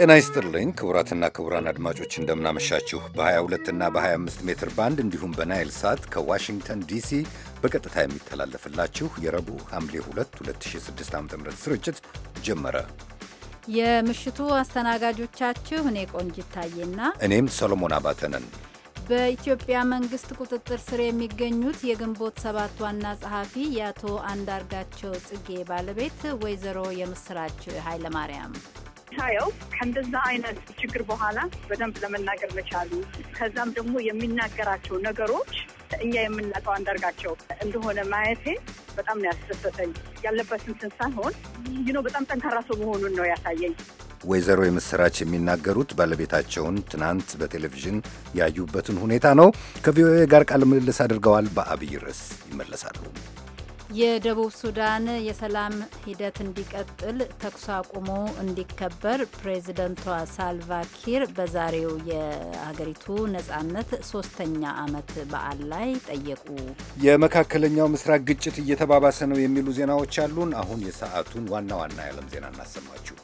ጤና ይስጥልኝ ክቡራትና ክቡራን አድማጮች እንደምናመሻችሁ። በ22 እና በ25 ሜትር ባንድ እንዲሁም በናይል ሳት ከዋሽንግተን ዲሲ በቀጥታ የሚተላለፍላችሁ የረቡዕ ሐምሌ 2 2006 ዓ ም ስርጭት ጀመረ። የምሽቱ አስተናጋጆቻችሁ እኔ ቆንጂት ታዬና እኔም ሰሎሞን አባተነን። በኢትዮጵያ መንግስት ቁጥጥር ስር የሚገኙት የግንቦት ሰባት ዋና ጸሐፊ የአቶ አንዳርጋቸው ጽጌ ባለቤት ወይዘሮ የምስራች ኃይለማርያም ሳየው ከእንደዛ አይነት ችግር በኋላ በደንብ ለመናገር መቻሉ ከዛም ደግሞ የሚናገራቸው ነገሮች እኛ የምናውቀው አንዳርጋቸው እንደሆነ ማየቴ በጣም ነው ያስደሰተኝ። ያለበትን እንትን ሳይሆን ይኖ በጣም ጠንካራ ሰው መሆኑን ነው ያሳየኝ። ወይዘሮ የምስራች የሚናገሩት ባለቤታቸውን ትናንት በቴሌቪዥን ያዩበትን ሁኔታ ነው። ከቪኦኤ ጋር ቃለ ምልልስ አድርገዋል። በአብይ ርዕስ ይመለሳሉ። የደቡብ ሱዳን የሰላም ሂደት እንዲቀጥል ተኩስ አቁሞ እንዲከበር ፕሬዚደንቷ ሳልቫ ኪር በዛሬው የሀገሪቱ ነጻነት ሶስተኛ ዓመት በዓል ላይ ጠየቁ። የመካከለኛው ምስራቅ ግጭት እየተባባሰ ነው የሚሉ ዜናዎች አሉን። አሁን የሰዓቱን ዋና ዋና የዓለም ዜና እናሰማችሁ።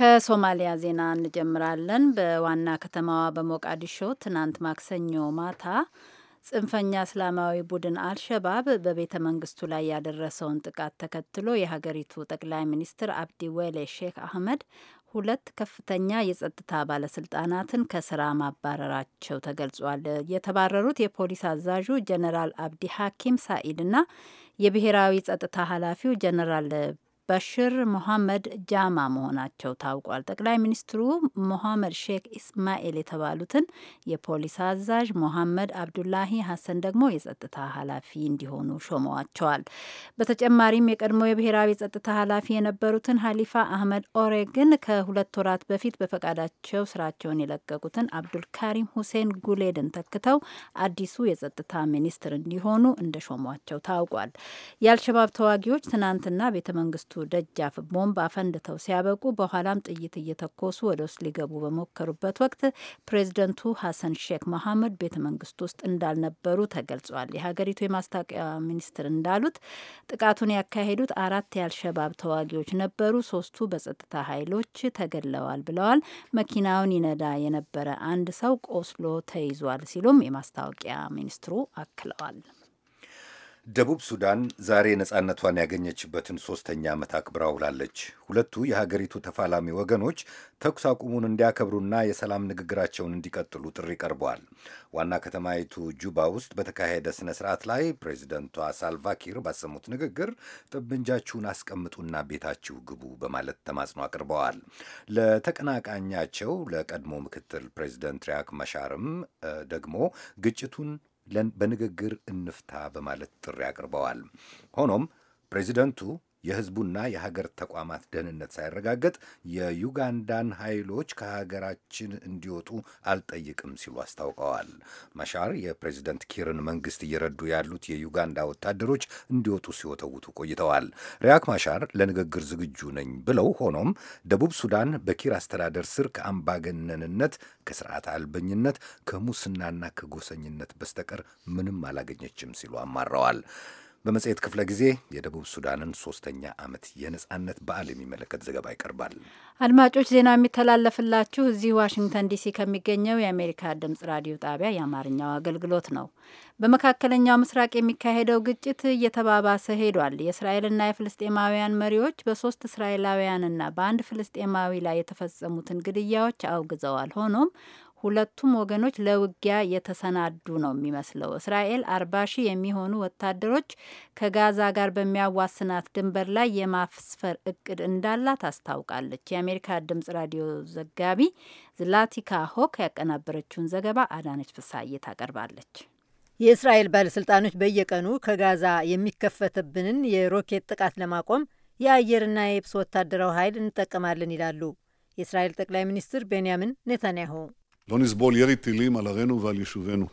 ከሶማሊያ ዜና እንጀምራለን። በዋና ከተማዋ በሞቃዲሾ ትናንት ማክሰኞ ማታ ጽንፈኛ እስላማዊ ቡድን አልሸባብ በቤተ መንግስቱ ላይ ያደረሰውን ጥቃት ተከትሎ የሀገሪቱ ጠቅላይ ሚኒስትር አብዲ ወሌ ሼክ አህመድ ሁለት ከፍተኛ የጸጥታ ባለስልጣናትን ከስራ ማባረራቸው ተገልጿል። የተባረሩት የፖሊስ አዛዡ ጀነራል አብዲ ሐኪም ሳኢድና የብሔራዊ ጸጥታ ኃላፊው ጀነራል በሽር ሞሐመድ ጃማ መሆናቸው ታውቋል። ጠቅላይ ሚኒስትሩ ሞሐመድ ሼክ ኢስማኤል የተባሉትን የፖሊስ አዛዥ፣ ሞሐመድ አብዱላሂ ሀሰን ደግሞ የጸጥታ ኃላፊ እንዲሆኑ ሾመዋቸዋል። በተጨማሪም የቀድሞ የብሔራዊ ጸጥታ ኃላፊ የነበሩትን ሀሊፋ አህመድ ኦሬ ግን ከሁለት ወራት በፊት በፈቃዳቸው ስራቸውን የለቀቁትን አብዱልካሪም ሁሴን ጉሌድን ተክተው አዲሱ የጸጥታ ሚኒስትር እንዲሆኑ እንደሾሟቸው ታውቋል። የአልሸባብ ተዋጊዎች ትናንትና ቤተ መንግስቱ ደጃፍ ቦምብ አፈንድተው ሲያበቁ በኋላም ጥይት እየተኮሱ ወደ ውስጥ ሊገቡ በሞከሩበት ወቅት ፕሬዚደንቱ ሀሰን ሼክ መሐመድ ቤተ መንግስት ውስጥ እንዳልነበሩ ተገልጿል። የሀገሪቱ የማስታወቂያ ሚኒስትር እንዳሉት ጥቃቱን ያካሄዱት አራት የአልሸባብ ተዋጊዎች ነበሩ። ሶስቱ በጸጥታ ኃይሎች ተገድለዋል ብለዋል። መኪናውን ይነዳ የነበረ አንድ ሰው ቆስሎ ተይዟል ሲሉም የማስታወቂያ ሚኒስትሩ አክለዋል። ደቡብ ሱዳን ዛሬ ነጻነቷን ያገኘችበትን ሶስተኛ ዓመት አክብራ ውላለች። ሁለቱ የሀገሪቱ ተፋላሚ ወገኖች ተኩስ አቁሙን እንዲያከብሩና የሰላም ንግግራቸውን እንዲቀጥሉ ጥሪ ቀርበዋል። ዋና ከተማይቱ ጁባ ውስጥ በተካሄደ ሥነ ሥርዓት ላይ ፕሬዚደንቷ ሳልቫኪር ባሰሙት ንግግር ጠብንጃችሁን አስቀምጡና ቤታችሁ ግቡ በማለት ተማጽኖ አቅርበዋል። ለተቀናቃኛቸው ለቀድሞ ምክትል ፕሬዚደንት ሪያክ መሻርም ደግሞ ግጭቱን በንግግር እንፍታ በማለት ጥሪ አቅርበዋል። ሆኖም ፕሬዚደንቱ የህዝቡና የሀገር ተቋማት ደህንነት ሳይረጋገጥ የዩጋንዳን ኃይሎች ከሀገራችን እንዲወጡ አልጠይቅም ሲሉ አስታውቀዋል። መሻር የፕሬዚደንት ኪርን መንግስት እየረዱ ያሉት የዩጋንዳ ወታደሮች እንዲወጡ ሲወተውቱ ቆይተዋል። ሪያክ ማሻር ለንግግር ዝግጁ ነኝ ብለው፣ ሆኖም ደቡብ ሱዳን በኪር አስተዳደር ስር ከአምባገነንነት፣ ከስርዓት አልበኝነት፣ ከሙስናና ከጎሰኝነት በስተቀር ምንም አላገኘችም ሲሉ አማረዋል። በመጽሔት ክፍለ ጊዜ የደቡብ ሱዳንን ሶስተኛ ዓመት የነጻነት በዓል የሚመለከት ዘገባ ይቀርባል። አድማጮች ዜናው የሚተላለፍላችሁ እዚህ ዋሽንግተን ዲሲ ከሚገኘው የአሜሪካ ድምጽ ራዲዮ ጣቢያ የአማርኛው አገልግሎት ነው። በመካከለኛው ምስራቅ የሚካሄደው ግጭት እየተባባሰ ሄዷል። የእስራኤልና የፍልስጤማውያን መሪዎች በሶስት እስራኤላውያንና በአንድ ፍልስጤማዊ ላይ የተፈጸሙትን ግድያዎች አውግዘዋል። ሆኖም ሁለቱም ወገኖች ለውጊያ የተሰናዱ ነው የሚመስለው። እስራኤል አርባ ሺህ የሚሆኑ ወታደሮች ከጋዛ ጋር በሚያዋስናት ድንበር ላይ የማስፈር እቅድ እንዳላት አስታውቃለች። የአሜሪካ ድምጽ ራዲዮ ዘጋቢ ዝላቲካ ሆክ ያቀናበረችውን ዘገባ አዳነች ፍሳዬ ታቀርባለች። የእስራኤል ባለስልጣኖች በየቀኑ ከጋዛ የሚከፈትብንን የሮኬት ጥቃት ለማቆም የአየርና የብስ ወታደራዊ ኃይል እንጠቀማለን ይላሉ የእስራኤል ጠቅላይ ሚኒስትር ቤንያሚን ኔታንያሁ לא נסבול ירי טילים על ערינו ועל יישובינו.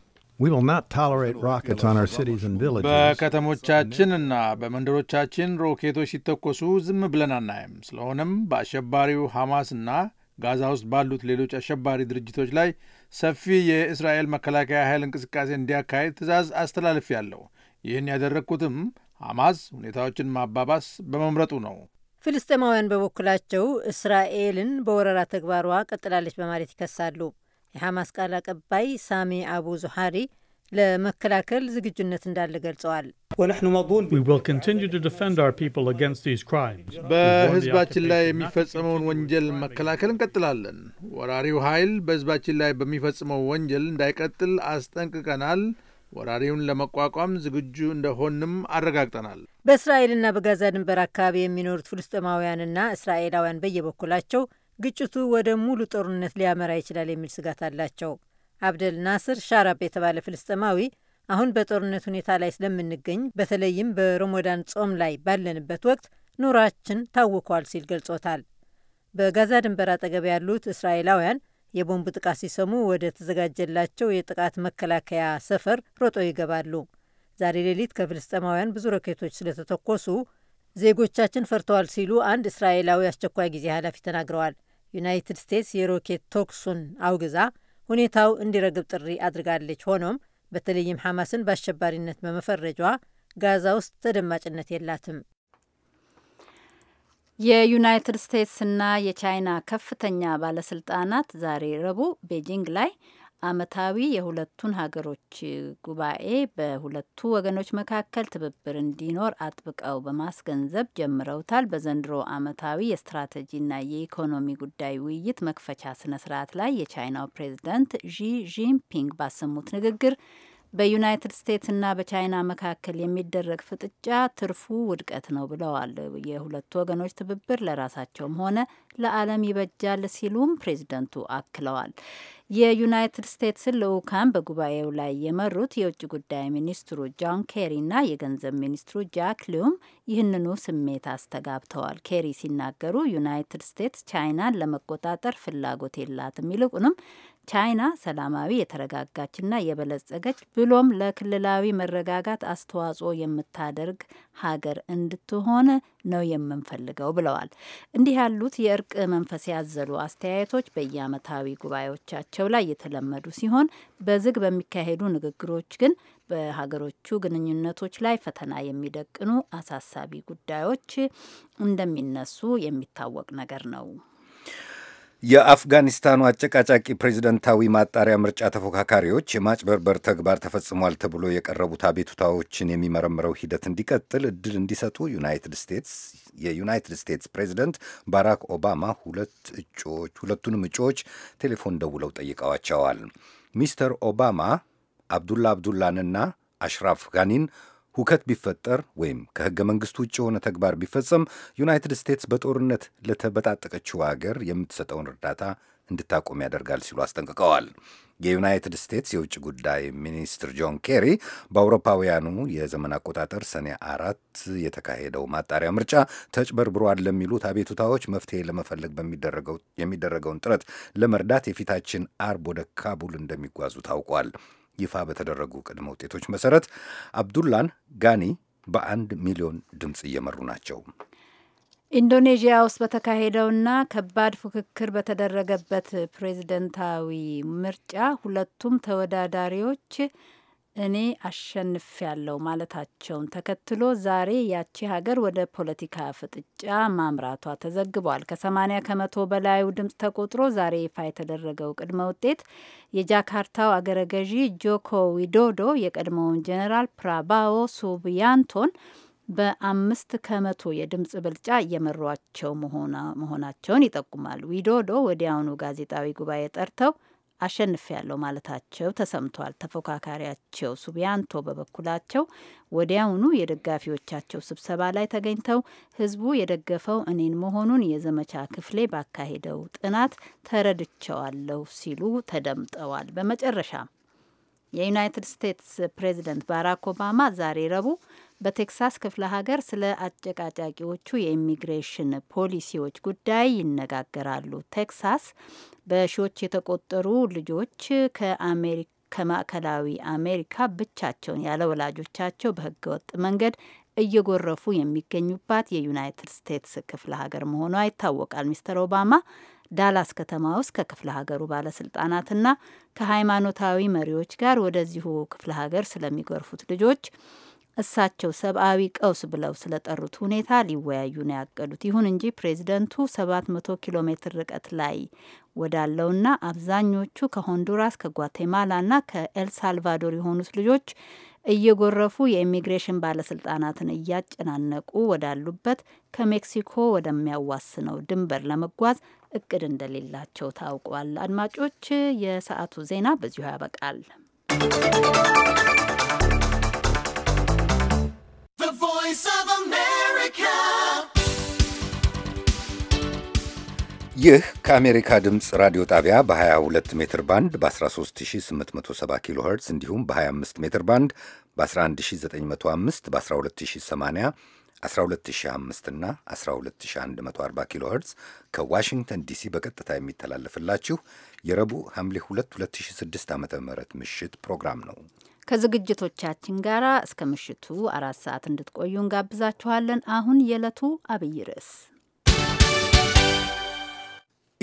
በከተሞቻችንና በመንደሮቻችን ሮኬቶች ሲተኮሱ ዝም ብለን አናይም። ስለሆነም በአሸባሪው ሐማስና ጋዛ ውስጥ ባሉት ሌሎች አሸባሪ ድርጅቶች ላይ ሰፊ የእስራኤል መከላከያ ኃይል እንቅስቃሴ እንዲያካሄድ አስተላልፍ ያለው ይህን ያደረግኩትም ሐማስ ሁኔታዎችን ማባባስ በመምረጡ ነው። ፍልስጤማውያን በበኩላቸው እስራኤልን በወረራ ተግባሯ ቀጥላለች በማለት ይከሳሉ። የሐማስ ቃል አቀባይ ሳሚ አቡ ዙሐሪ ለመከላከል ዝግጁነት እንዳለ ገልጸዋል። በህዝባችን ላይ የሚፈጸመውን ወንጀል መከላከል እንቀጥላለን። ወራሪው ኃይል በህዝባችን ላይ በሚፈጽመው ወንጀል እንዳይቀጥል አስጠንቅቀናል። ወራሪውን ለመቋቋም ዝግጁ እንደሆንም አረጋግጠናል። በእስራኤልና በጋዛ ድንበር አካባቢ የሚኖሩት ፍልስጤማውያንና እስራኤላውያን በየበኩላቸው ግጭቱ ወደ ሙሉ ጦርነት ሊያመራ ይችላል የሚል ስጋት አላቸው። አብደል ናስር ሻራብ የተባለ ፍልስጤማዊ አሁን በጦርነት ሁኔታ ላይ ስለምንገኝ በተለይም በሮሞዳን ጾም ላይ ባለንበት ወቅት ኑሯችን ታውኳል ሲል ገልጾታል። በጋዛ ድንበር አጠገብ ያሉት እስራኤላውያን የቦምብ ጥቃት ሲሰሙ ወደ ተዘጋጀላቸው የጥቃት መከላከያ ሰፈር ሮጦ ይገባሉ። ዛሬ ሌሊት ከፍልስጤማውያን ብዙ ሮኬቶች ስለተተኮሱ ዜጎቻችን ፈርተዋል ሲሉ አንድ እስራኤላዊ አስቸኳይ ጊዜ ኃላፊ ተናግረዋል። ዩናይትድ ስቴትስ የሮኬት ተኩሱን አውግዛ ሁኔታው እንዲረግብ ጥሪ አድርጋለች። ሆኖም በተለይም ሐማስን በአሸባሪነት በመፈረጇ ጋዛ ውስጥ ተደማጭነት የላትም። የዩናይትድ ስቴትስና የቻይና ከፍተኛ ባለስልጣናት ዛሬ ረቡዕ ቤጂንግ ላይ አመታዊ የሁለቱን ሀገሮች ጉባኤ በሁለቱ ወገኖች መካከል ትብብር እንዲኖር አጥብቀው በማስገንዘብ ጀምረውታል። በዘንድሮ አመታዊ የስትራቴጂና የኢኮኖሚ ጉዳይ ውይይት መክፈቻ ስነ ስርዓት ላይ የቻይናው ፕሬዚዳንት ዢ ጂንፒንግ ባሰሙት ንግግር በዩናይትድ ስቴትስና በቻይና መካከል የሚደረግ ፍጥጫ ትርፉ ውድቀት ነው ብለዋል። የሁለቱ ወገኖች ትብብር ለራሳቸውም ሆነ ለዓለም ይበጃል ሲሉም ፕሬዚደንቱ አክለዋል። የዩናይትድ ስቴትስን ልዑካን በጉባኤው ላይ የመሩት የውጭ ጉዳይ ሚኒስትሩ ጆን ኬሪና የገንዘብ ሚኒስትሩ ጃክ ሊውም ይህንኑ ስሜት አስተጋብተዋል። ኬሪ ሲናገሩ ዩናይትድ ስቴትስ ቻይናን ለመቆጣጠር ፍላጎት የላትም፣ ይልቁንም ቻይና ሰላማዊ የተረጋጋችና የበለጸገች ብሎም ለክልላዊ መረጋጋት አስተዋጽኦ የምታደርግ ሀገር እንድትሆን ነው የምንፈልገው ብለዋል። እንዲህ ያሉት የእርቅ መንፈስ ያዘሉ አስተያየቶች በየዓመታዊ ጉባኤዎቻቸው ላይ የተለመዱ ሲሆን በዝግ በሚካሄዱ ንግግሮች ግን በሀገሮቹ ግንኙነቶች ላይ ፈተና የሚደቅኑ አሳሳቢ ጉዳዮች እንደሚነሱ የሚታወቅ ነገር ነው። የአፍጋኒስታኑ አጨቃጫቂ ፕሬዚደንታዊ ማጣሪያ ምርጫ ተፎካካሪዎች የማጭበርበር ተግባር ተፈጽሟል ተብሎ የቀረቡት አቤቱታዎችን የሚመረምረው ሂደት እንዲቀጥል እድል እንዲሰጡ ዩናይትድ ስቴትስ የዩናይትድ ስቴትስ ፕሬዚደንት ባራክ ኦባማ ሁለት እጩዎች ሁለቱንም እጩዎች ቴሌፎን ደውለው ጠይቀዋቸዋል። ሚስተር ኦባማ አብዱላ አብዱላንና አሽራፍ ጋኒን ሁከት ቢፈጠር ወይም ከሕገ መንግሥቱ ውጭ የሆነ ተግባር ቢፈጸም ዩናይትድ ስቴትስ በጦርነት ለተበጣጠቀችው አገር የምትሰጠውን እርዳታ እንድታቆም ያደርጋል ሲሉ አስጠንቅቀዋል። የዩናይትድ ስቴትስ የውጭ ጉዳይ ሚኒስትር ጆን ኬሪ በአውሮፓውያኑ የዘመን አቆጣጠር ሰኔ አራት የተካሄደው ማጣሪያ ምርጫ ተጭበርብሯል ለሚሉት አቤቱታዎች መፍትሄ ለመፈለግ የሚደረገውን ጥረት ለመርዳት የፊታችን አርብ ወደ ካቡል እንደሚጓዙ ታውቋል። ይፋ በተደረጉ ቅድመ ውጤቶች መሰረት አብዱላን ጋኒ በአንድ ሚሊዮን ድምፅ እየመሩ ናቸው። ኢንዶኔዥያ ውስጥ በተካሄደውና ከባድ ፉክክር በተደረገበት ፕሬዝደንታዊ ምርጫ ሁለቱም ተወዳዳሪዎች እኔ አሸንፊያለሁ ማለታቸውን ተከትሎ ዛሬ ያቺ ሀገር ወደ ፖለቲካ ፍጥጫ ማምራቷ ተዘግቧል። ከሰማኒያ ከመቶ በላዩ ድምፅ ተቆጥሮ ዛሬ ይፋ የተደረገው ቅድመ ውጤት የጃካርታው አገረ ገዢ ጆኮ ዊዶዶ የቀድሞውን ጄኔራል ፕራባዎ ሱብያንቶን በአምስት ከመቶ የድምፅ ብልጫ እየመሯቸው መሆናቸውን ይጠቁማል። ዊዶዶ ወዲያውኑ ጋዜጣዊ ጉባኤ ጠርተው አሸንፍ ያለው ማለታቸው ተሰምቷል። ተፎካካሪያቸው ሱቢያንቶ በበኩላቸው ወዲያውኑ የደጋፊዎቻቸው ስብሰባ ላይ ተገኝተው ህዝቡ የደገፈው እኔን መሆኑን የዘመቻ ክፍሌ ባካሄደው ጥናት ተረድቸዋለሁ ሲሉ ተደምጠዋል። በመጨረሻ የዩናይትድ ስቴትስ ፕሬዚደንት ባራክ ኦባማ ዛሬ ረቡዕ በቴክሳስ ክፍለ ሀገር ስለ አጨቃጫቂዎቹ የኢሚግሬሽን ፖሊሲዎች ጉዳይ ይነጋገራሉ። ቴክሳስ በሺዎች የተቆጠሩ ልጆች ከማዕከላዊ አሜሪካ ብቻቸውን ያለ ወላጆቻቸው በህገወጥ መንገድ እየጎረፉ የሚገኙባት የዩናይትድ ስቴትስ ክፍለ ሀገር መሆኗ ይታወቃል። ሚስተር ኦባማ ዳላስ ከተማ ውስጥ ከክፍለ ሀገሩ ባለስልጣናትና ከሃይማኖታዊ መሪዎች ጋር ወደዚሁ ክፍለ ሀገር ስለሚጎርፉት ልጆች እሳቸው ሰብአዊ ቀውስ ብለው ስለጠሩት ሁኔታ ሊወያዩ ነው ያቀዱት። ይሁን እንጂ ፕሬዚደንቱ 700 ኪሎ ሜትር ርቀት ላይ ወዳለውና አብዛኞቹ ከሆንዱራስ ከጓቴማላና ከኤልሳልቫዶር የሆኑት ልጆች እየጎረፉ የኢሚግሬሽን ባለስልጣናትን እያጨናነቁ ወዳሉበት ከሜክሲኮ ወደሚያዋስነው ድንበር ለመጓዝ እቅድ እንደሌላቸው ታውቋል። አድማጮች፣ የሰዓቱ ዜና በዚሁ ያበቃል። ይህ ከአሜሪካ ድምፅ ራዲዮ ጣቢያ በ22 ሜትር ባንድ በ13870 ኪሎ ኸርትዝ እንዲሁም በ25 ሜትር ባንድ በ11905 በ12080 12005 ና 12140 ኪሎ ኸርትዝ ከዋሽንግተን ዲሲ በቀጥታ የሚተላለፍላችሁ የረቡዕ ሐምሌ 2 2006 ዓ ም ምሽት ፕሮግራም ነው። ከዝግጅቶቻችን ጋር እስከ ምሽቱ አራት ሰዓት እንድትቆዩ እንጋብዛችኋለን። አሁን የዕለቱ አብይ ርዕስ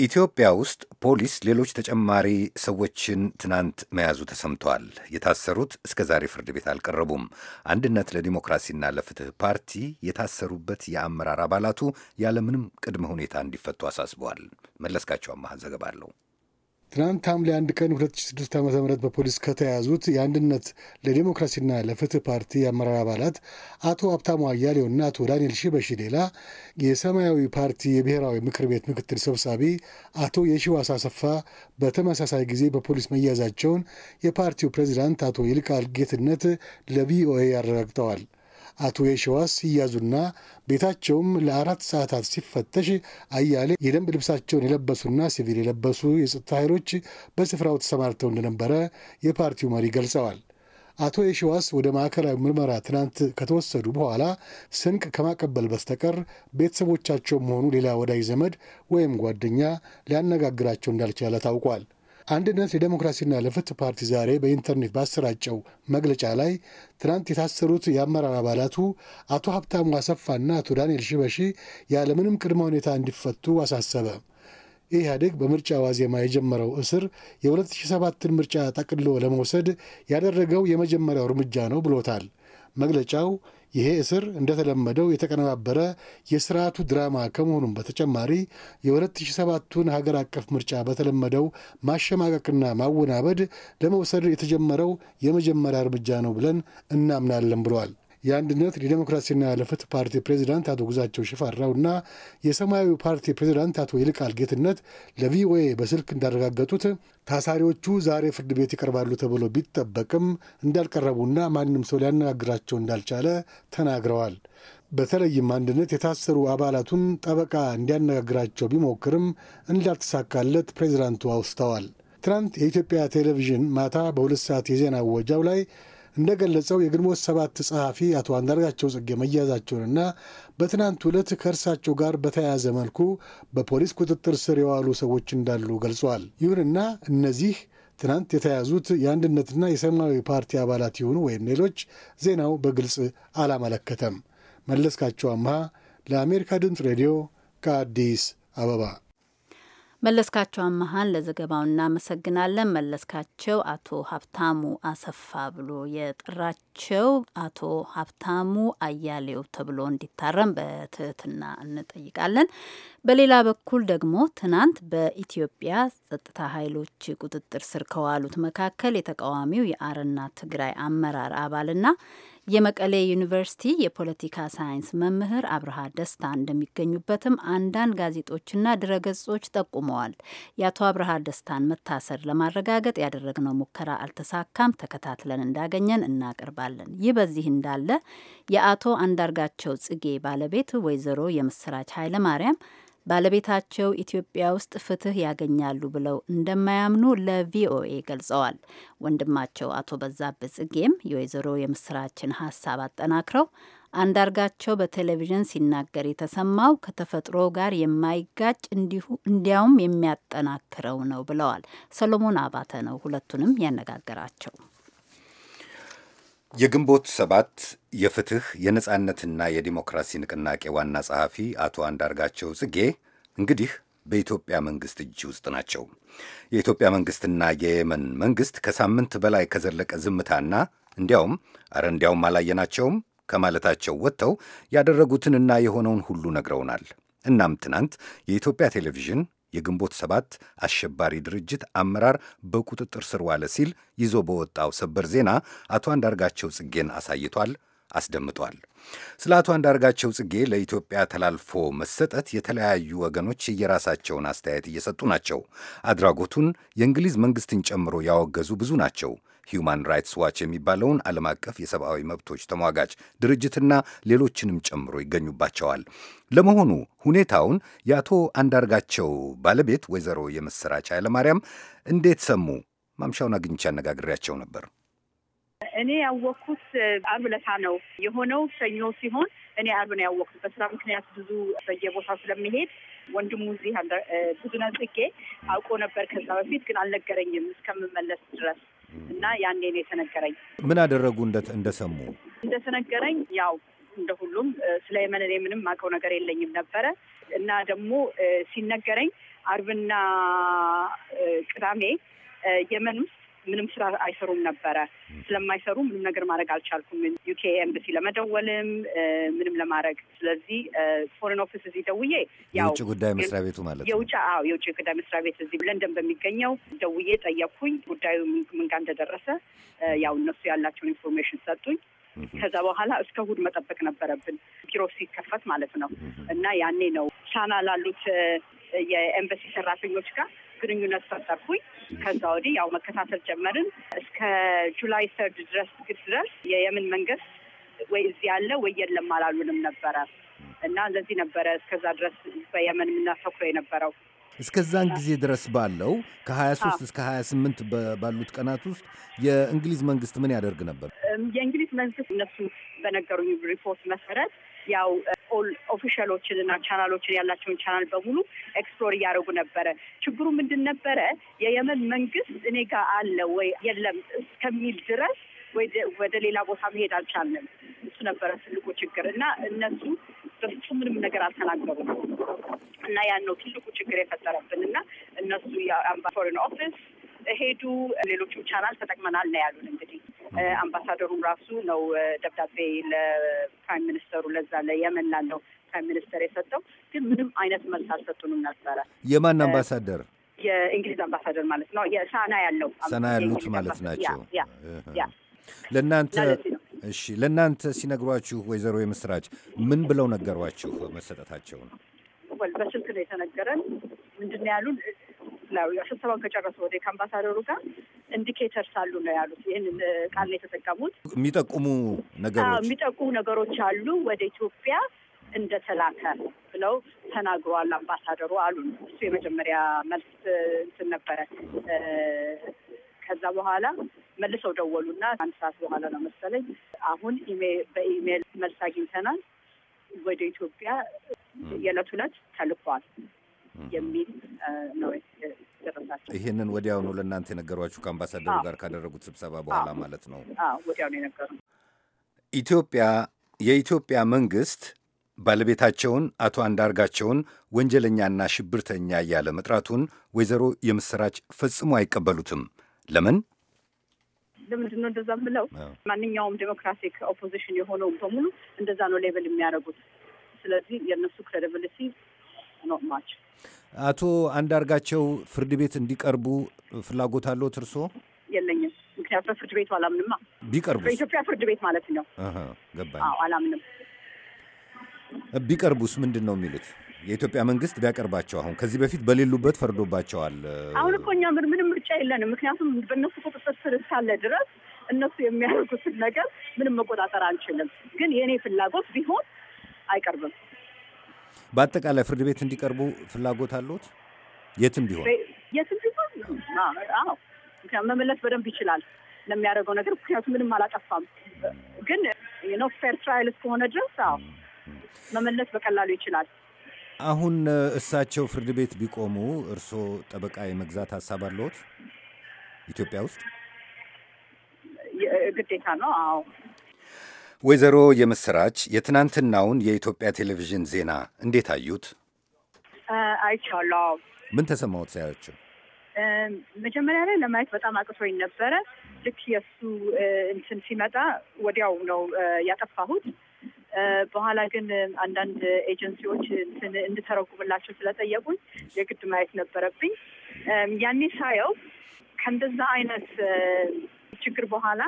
ኢትዮጵያ ውስጥ ፖሊስ ሌሎች ተጨማሪ ሰዎችን ትናንት መያዙ ተሰምቷል። የታሰሩት እስከ ዛሬ ፍርድ ቤት አልቀረቡም። አንድነት ለዲሞክራሲና ለፍትህ ፓርቲ የታሰሩበት የአመራር አባላቱ ያለምንም ቅድመ ሁኔታ እንዲፈቱ አሳስበዋል። መለስካቸው አማሃ ዘገባ አለው። ትናንት ሐምሌ አንድ ቀን 2006 ዓ ም በፖሊስ ከተያዙት የአንድነት ለዲሞክራሲና ለፍትህ ፓርቲ የአመራር አባላት አቶ ሀብታሙ አያሌውና አቶ ዳንኤል ሺበሺ ሌላ የሰማያዊ ፓርቲ የብሔራዊ ምክር ቤት ምክትል ሰብሳቢ አቶ የሺዋስ አሰፋ በተመሳሳይ ጊዜ በፖሊስ መያዛቸውን የፓርቲው ፕሬዚዳንት አቶ ይልቃል ጌትነት ለቪኦኤ አረጋግጠዋል። አቶ የሸዋስ ሲያዙና ቤታቸውም ለአራት ሰዓታት ሲፈተሽ አያሌ የደንብ ልብሳቸውን የለበሱና ሲቪል የለበሱ የጸጥታ ኃይሎች በስፍራው ተሰማርተው እንደነበረ የፓርቲው መሪ ገልጸዋል። አቶ የሸዋስ ወደ ማዕከላዊ ምርመራ ትናንት ከተወሰዱ በኋላ ስንቅ ከማቀበል በስተቀር ቤተሰቦቻቸው መሆኑ ሌላ ወዳጅ ዘመድ ወይም ጓደኛ ሊያነጋግራቸው እንዳልቻለ ታውቋል። አንድነት ለዴሞክራሲና ለፍትህ ፓርቲ ዛሬ በኢንተርኔት ባሰራጨው መግለጫ ላይ ትናንት የታሰሩት የአመራር አባላቱ አቶ ሀብታሙ አሰፋና አቶ ዳንኤል ሽበሺ ያለምንም ቅድመ ሁኔታ እንዲፈቱ አሳሰበ። ኢህአዴግ በምርጫ ዋዜማ የጀመረው እስር የ2007ን ምርጫ ጠቅሎ ለመውሰድ ያደረገው የመጀመሪያው እርምጃ ነው ብሎታል መግለጫው ይሄ እስር እንደተለመደው የተቀነባበረ የስርዓቱ ድራማ ከመሆኑም በተጨማሪ የ2007ቱን ሀገር አቀፍ ምርጫ በተለመደው ማሸማቀቅና ማወናበድ ለመውሰድ የተጀመረው የመጀመሪያ እርምጃ ነው ብለን እናምናለን ብለዋል። የአንድነት ለዲሞክራሲና ለፍትህ ፓርቲ ፕሬዚዳንት አቶ ግዛቸው ሽፈራው እና የሰማያዊ ፓርቲ ፕሬዚዳንት አቶ ይልቃል ጌትነት ለቪኦኤ በስልክ እንዳረጋገጡት ታሳሪዎቹ ዛሬ ፍርድ ቤት ይቀርባሉ ተብሎ ቢጠበቅም እንዳልቀረቡና ማንም ሰው ሊያነጋግራቸው እንዳልቻለ ተናግረዋል። በተለይም አንድነት የታሰሩ አባላቱን ጠበቃ እንዲያነጋግራቸው ቢሞክርም እንዳልተሳካለት ፕሬዚዳንቱ አውስተዋል። ትናንት የኢትዮጵያ ቴሌቪዥን ማታ በሁለት ሰዓት የዜና ወጃው ላይ እንደገለጸው የግንቦት ሰባት ጸሐፊ አቶ አንዳርጋቸው ጽጌ መያዛቸውንና በትናንት ዕለት ከእርሳቸው ጋር በተያያዘ መልኩ በፖሊስ ቁጥጥር ስር የዋሉ ሰዎች እንዳሉ ገልጸዋል። ይሁንና እነዚህ ትናንት የተያዙት የአንድነትና የሰማያዊ ፓርቲ አባላት የሆኑ ወይም ሌሎች ዜናው በግልጽ አላመለከተም። መለስካቸው አምሃ ለአሜሪካ ድምፅ ሬዲዮ ከአዲስ አበባ መለስካቸው አመሀን ለዘገባው እናመሰግናለን። መለስካቸው አቶ ሀብታሙ አሰፋ ብሎ የጠራቸው አቶ ሀብታሙ አያሌው ተብሎ እንዲታረም በትህትና እንጠይቃለን። በሌላ በኩል ደግሞ ትናንት በኢትዮጵያ ጸጥታ ኃይሎች ቁጥጥር ስር ከዋሉት መካከል የተቃዋሚው የአረና ትግራይ አመራር አባልና የመቀሌ ዩኒቨርሲቲ የፖለቲካ ሳይንስ መምህር አብርሃ ደስታ እንደሚገኙበትም አንዳንድ ጋዜጦችና ድረገጾች ጠቁመዋል። የአቶ አብርሃ ደስታን መታሰር ለማረጋገጥ ያደረግነው ሙከራ አልተሳካም። ተከታትለን እንዳገኘን እናቀርባለን። ይህ በዚህ እንዳለ የአቶ አንዳርጋቸው ጽጌ ባለቤት ወይዘሮ የምስራች ማርያም ባለቤታቸው ኢትዮጵያ ውስጥ ፍትህ ያገኛሉ ብለው እንደማያምኑ ለቪኦኤ ገልጸዋል። ወንድማቸው አቶ በዛብህ ጽጌም የወይዘሮ የምስራችን ሀሳብ አጠናክረው አንዳርጋቸው በቴሌቪዥን ሲናገር የተሰማው ከተፈጥሮ ጋር የማይጋጭ እንዲሁ እንዲያውም የሚያጠናክረው ነው ብለዋል። ሰሎሞን አባተ ነው ሁለቱንም ያነጋገራቸው። የግንቦት ሰባት የፍትህ የነጻነትና የዲሞክራሲ ንቅናቄ ዋና ጸሐፊ አቶ አንዳርጋቸው ጽጌ እንግዲህ በኢትዮጵያ መንግስት እጅ ውስጥ ናቸው። የኢትዮጵያ መንግስትና የየመን መንግስት ከሳምንት በላይ ከዘለቀ ዝምታና እንዲያውም አረ እንዲያውም አላየናቸውም ከማለታቸው ወጥተው ያደረጉትንና የሆነውን ሁሉ ነግረውናል። እናም ትናንት የኢትዮጵያ ቴሌቪዥን የግንቦት ሰባት አሸባሪ ድርጅት አመራር በቁጥጥር ስር ዋለ ሲል ይዞ በወጣው ሰበር ዜና አቶ አንዳርጋቸው ጽጌን አሳይቷል፣ አስደምጧል። ስለ አቶ አንዳርጋቸው ጽጌ ለኢትዮጵያ ተላልፎ መሰጠት የተለያዩ ወገኖች የየራሳቸውን አስተያየት እየሰጡ ናቸው። አድራጎቱን የእንግሊዝ መንግስትን ጨምሮ ያወገዙ ብዙ ናቸው። ሂዩማን ራይትስ ዋች የሚባለውን ዓለም አቀፍ የሰብአዊ መብቶች ተሟጋች ድርጅትና ሌሎችንም ጨምሮ ይገኙባቸዋል። ለመሆኑ ሁኔታውን የአቶ አንዳርጋቸው ባለቤት ወይዘሮ የምስራች ኃይለማርያም እንዴት ሰሙ? ማምሻውን አግኝቼ አነጋግሬያቸው ነበር። እኔ ያወቅኩት አርብ ለታ ነው የሆነው። ሰኞ ሲሆን እኔ አርብ ነው ያወቅኩት። በስራ ምክንያት ብዙ በየቦታው ስለሚሄድ ወንድሙ እዚህ ብዙ ነጽቄ አውቆ ነበር ከዛ በፊት ግን አልነገረኝም እስከምመለስ ድረስ እና ያኔን የተነገረኝ ምን አደረጉ? እንደሰሙ እንደተነገረኝ ያው እንደ ሁሉም ስለ የመን እኔ ምንም ማውቀው ነገር የለኝም ነበረ እና ደግሞ ሲነገረኝ አርብና ቅዳሜ የመን ውስጥ ምንም ስራ አይሰሩም ነበረ። ስለማይሰሩ ምንም ነገር ማድረግ አልቻልኩም፣ ዩኬ ኤምባሲ ለመደወልም ምንም ለማድረግ። ስለዚህ ፎሬን ኦፊስ እዚህ ደውዬ የውጭ ጉዳይ መስሪያ ቤቱ ማለት ነው የውጭ አዎ፣ የውጭ ጉዳይ መስሪያ ቤት እዚህ ለንደን በሚገኘው ደውዬ ጠየቅኩኝ፣ ጉዳዩ ምን ጋር እንደደረሰ። ያው እነሱ ያላቸውን ኢንፎርሜሽን ሰጡኝ። ከዛ በኋላ እስከ እሑድ መጠበቅ ነበረብን ቢሮ ሲከፈት ማለት ነው። እና ያኔ ነው ሳና ላሉት የኤምባሲ ሰራተኞች ጋር ግንኙነት ፈጠርኩኝ። ከዛ ወዲህ ያው መከታተል ጀመርን። እስከ ጁላይ ሰርድ ድረስ ግድ ድረስ የየመን መንግስት ወይ እዚህ ያለ ወይ የለም አላሉንም ነበረ እና እንደዚህ ነበረ እስከዛ ድረስ በየመን የምናተኩረ የነበረው እስከዛን ጊዜ ድረስ ባለው ከ23 እስከ 28 ባሉት ቀናት ውስጥ የእንግሊዝ መንግስት ምን ያደርግ ነበር? የእንግሊዝ መንግስት እነሱ በነገሩኝ ሪፖርት መሰረት ያው ኦል ኦፊሻሎችን እና ቻናሎችን ያላቸውን ቻናል በሙሉ ኤክስፕሎር እያደረጉ ነበረ። ችግሩ ምንድን ነበረ? የየመን መንግስት እኔ ጋ አለ ወይ የለም እስከሚል ድረስ ወደ ሌላ ቦታ መሄድ አልቻለም። እሱ ነበረ ትልቁ ችግር እና እነሱ በፍጹም ምንም ነገር አልተናገሩም እና ያን ነው ትልቁ ችግር የፈጠረብን እና እነሱ የአምባ ፎሬን ኦፊስ ሄዱ፣ ሌሎችም ቻናል ተጠቅመናል ነው ያሉን። እንግዲህ አምባሳደሩም ራሱ ነው ደብዳቤ ለፕራይም ሚኒስተሩ ለዛ ለየመን ላለው ፕራይም ሚኒስተር የሰጠው ግን ምንም አይነት መልስ አልሰጡንም ነበረ። የማን አምባሳደር? የእንግሊዝ አምባሳደር ማለት ነው። የሳና ያለው ሰና ያሉት ማለት ናቸው። ለእናንተ እሺ፣ ለእናንተ ሲነግሯችሁ ወይዘሮ የምስራች ምን ብለው ነገሯችሁ መሰጠታቸውን? በስልክ ነው የተነገረን። ምንድን ነው ያሉን ነው ስብሰባውን ከጨረሱ ወደ ከአምባሳደሩ ጋር ኢንዲኬተርስ አሉ ነው ያሉት። ይህንን ቃል ነው የተጠቀሙት። የሚጠቁሙ ነገሮች የሚጠቁሙ ነገሮች አሉ ወደ ኢትዮጵያ እንደተላከ ብለው ተናግሯል አምባሳደሩ አሉ። እሱ የመጀመሪያ መልስ እንትን ነበረ። ከዛ በኋላ መልሰው ደወሉና አንድ ሰዓት በኋላ ነው መሰለኝ አሁን በኢሜይል መልስ አግኝተናል ወደ ኢትዮጵያ የዕለት ሁለት ተልኳል የሚል ነው ደረሳቸው። ይህንን ወዲያውኑ ለእናንተ የነገሯችሁ ከአምባሳደሩ ጋር ካደረጉት ስብሰባ በኋላ ማለት ነው? ወዲያውኑ የነገሩ ኢትዮጵያ የኢትዮጵያ መንግስት ባለቤታቸውን አቶ አንዳርጋቸውን ወንጀለኛና ሽብርተኛ እያለ መጥራቱን ወይዘሮ የምስራች ፈጽሞ አይቀበሉትም። ለምን ለምንድን ነው እንደዛ ምለው? ማንኛውም ዴሞክራቲክ ኦፖዚሽን የሆነው በሙሉ እንደዛ ነው ሌበል የሚያደርጉት። ስለዚህ የእነሱ ክሬዲብሊቲ አቶ አንዳርጋቸው ፍርድ ቤት እንዲቀርቡ ፍላጎት አለዎት እርስዎ? የለኝም። ምክንያቱም ፍርድ ቤቱ አላምንማ። ቢቀርቡ በኢትዮጵያ ፍርድ ቤት ማለት ነው። ገባኝ። አላምንም። ቢቀርቡስ ምንድን ነው የሚሉት? የኢትዮጵያ መንግስት ቢያቀርባቸው አሁን ከዚህ በፊት በሌሉበት ፈርዶባቸዋል። አሁን እኮ እኛ ምንም ምርጫ የለንም። ምክንያቱም በእነሱ ቁጥጥር ስር እስካለ ድረስ እነሱ የሚያደርጉትን ነገር ምንም መቆጣጠር አንችልም። ግን የእኔ ፍላጎት ቢሆን አይቀርብም። በአጠቃላይ ፍርድ ቤት እንዲቀርቡ ፍላጎት አለት። የትም ቢሆን የትም ቢሆን መመለስ በደንብ ይችላል ለሚያደርገው ነገር ምክንያቱም ምንም አላጠፋም። ግን ነው ፌር ትራይል እስከሆነ ድረስ መመለስ በቀላሉ ይችላል። አሁን እሳቸው ፍርድ ቤት ቢቆሙ እርስዎ ጠበቃ የመግዛት ሀሳብ አለዎት? ኢትዮጵያ ውስጥ ግዴታ ነው። አዎ ወይዘሮ የምስራች የትናንትናውን የኢትዮጵያ ቴሌቪዥን ዜና እንዴት አዩት? አይቻለሁ። ምን ተሰማዎት ሳያችሁ? መጀመሪያ ላይ ለማየት በጣም አቅቶኝ ነበረ። ልክ የእሱ እንትን ሲመጣ ወዲያው ነው ያጠፋሁት። በኋላ ግን አንዳንድ ኤጀንሲዎች እንትን እንድተረጉምላቸው ስለጠየቁኝ የግድ ማየት ነበረብኝ። ያኔ ሳየው ከእንደዛ አይነት ችግር በኋላ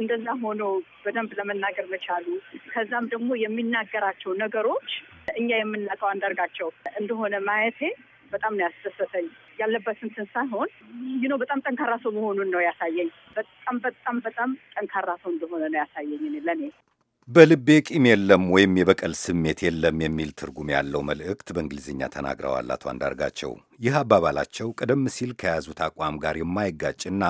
እንደዛ ሆኖ በደንብ ለመናገር መቻሉ ከዛም ደግሞ የሚናገራቸው ነገሮች እኛ የምናውቀው አንዳርጋቸው እንደሆነ ማየቴ በጣም ነው ያስደሰተኝ። ያለበትን እንትን ሳይሆን ይኖ በጣም ጠንካራ ሰው መሆኑን ነው ያሳየኝ። በጣም በጣም በጣም ጠንካራ ሰው እንደሆነ ነው ያሳየኝ ለእኔ በልቤ ቂም የለም ወይም የበቀል ስሜት የለም የሚል ትርጉም ያለው መልእክት በእንግሊዝኛ ተናግረዋል አቶ አንዳርጋቸው። ይህ አባባላቸው ቀደም ሲል ከያዙት አቋም ጋር የማይጋጭና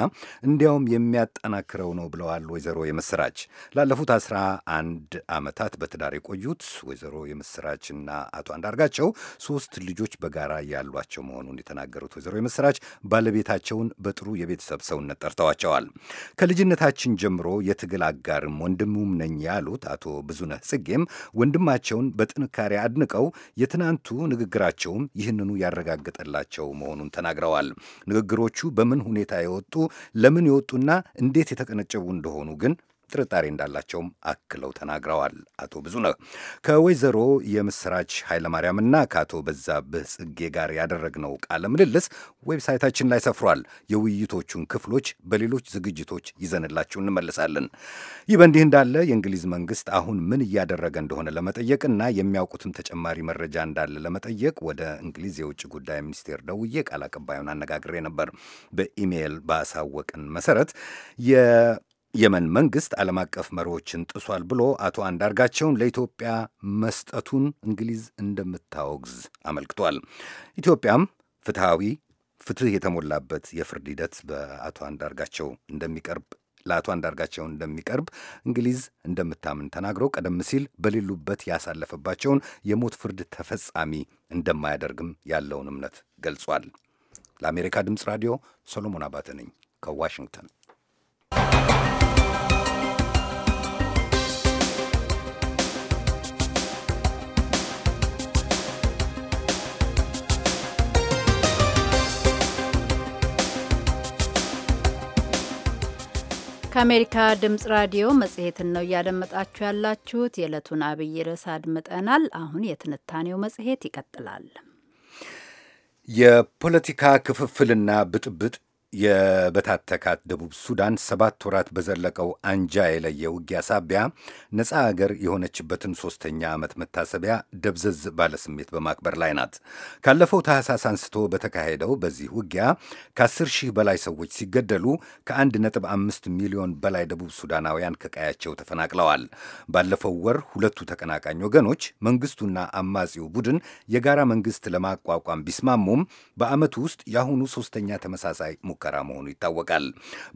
እንዲያውም የሚያጠናክረው ነው ብለዋል ወይዘሮ የምስራች። ላለፉት አስራ አንድ ዓመታት በትዳር የቆዩት ወይዘሮ የምስራችና አቶ አንዳርጋቸው ሶስት ልጆች በጋራ ያሏቸው መሆኑን የተናገሩት ወይዘሮ የምስራች ባለቤታቸውን በጥሩ የቤተሰብ ሰውነት ጠርተዋቸዋል። ከልጅነታችን ጀምሮ የትግል አጋርም ወንድሙም ነኝ ያሉት አቶ ብዙነህ ጽጌም ወንድማቸውን በጥንካሬ አድንቀው የትናንቱ ንግግራቸውም ይህንኑ ያረጋገጠላቸው ያላቸው መሆኑን ተናግረዋል። ንግግሮቹ በምን ሁኔታ የወጡ ለምን የወጡና እንዴት የተቀነጨቡ እንደሆኑ ግን ጥርጣሬ እንዳላቸውም አክለው ተናግረዋል። አቶ ብዙ ነው ከወይዘሮ የምስራች ኃይለማርያምና ከአቶ በዛብህ ጽጌ ጋር ያደረግነው ቃለ ምልልስ ዌብሳይታችን ላይ ሰፍሯል። የውይይቶቹን ክፍሎች በሌሎች ዝግጅቶች ይዘንላችሁ እንመልሳለን። ይህ በእንዲህ እንዳለ የእንግሊዝ መንግስት አሁን ምን እያደረገ እንደሆነ ለመጠየቅና የሚያውቁትም ተጨማሪ መረጃ እንዳለ ለመጠየቅ ወደ እንግሊዝ የውጭ ጉዳይ ሚኒስቴር ደውዬ ቃል አቀባዩን አነጋግሬ ነበር። በኢሜይል ባሳወቅን መሰረት የመን መንግስት ዓለም አቀፍ መሪዎችን ጥሷል ብሎ አቶ አንዳርጋቸውን ለኢትዮጵያ መስጠቱን እንግሊዝ እንደምታወግዝ አመልክቷል። ኢትዮጵያም ፍትሐዊ፣ ፍትህ የተሞላበት የፍርድ ሂደት በአቶ አንዳርጋቸው እንደሚቀርብ ለአቶ አንዳርጋቸው እንደሚቀርብ እንግሊዝ እንደምታምን ተናግረው ቀደም ሲል በሌሉበት ያሳለፈባቸውን የሞት ፍርድ ተፈጻሚ እንደማያደርግም ያለውን እምነት ገልጿል። ለአሜሪካ ድምፅ ራዲዮ ሰሎሞን አባተ ነኝ ከዋሽንግተን። ከአሜሪካ ድምጽ ራዲዮ መጽሔትን ነው እያደመጣችሁ ያላችሁት። የዕለቱን አብይ ርዕስ አድምጠናል። አሁን የትንታኔው መጽሔት ይቀጥላል። የፖለቲካ ክፍፍልና ብጥብጥ የበታተካት ደቡብ ሱዳን ሰባት ወራት በዘለቀው አንጃ የለየ ውጊያ ሳቢያ ነፃ አገር የሆነችበትን ሶስተኛ ዓመት መታሰቢያ ደብዘዝ ባለ ስሜት በማክበር ላይ ናት። ካለፈው ታህሳስ አንስቶ በተካሄደው በዚህ ውጊያ ከአስር ሺህ በላይ ሰዎች ሲገደሉ ከአንድ ነጥብ አምስት ሚሊዮን በላይ ደቡብ ሱዳናውያን ከቀያቸው ተፈናቅለዋል። ባለፈው ወር ሁለቱ ተቀናቃኝ ወገኖች መንግስቱና አማጺው ቡድን የጋራ መንግስት ለማቋቋም ቢስማሙም በአመቱ ውስጥ የአሁኑ ሶስተኛ ተመሳሳይ ሙከራ መሆኑ ይታወቃል።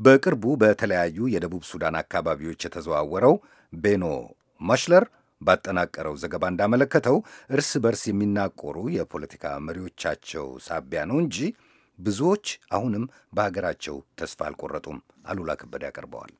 በቅርቡ በተለያዩ የደቡብ ሱዳን አካባቢዎች የተዘዋወረው ቤኖ ማሽለር ባጠናቀረው ዘገባ እንዳመለከተው እርስ በርስ የሚናቆሩ የፖለቲካ መሪዎቻቸው ሳቢያ ነው እንጂ ብዙዎች አሁንም በሀገራቸው ተስፋ አልቆረጡም። አሉላ ከበደ ያቀርበዋል።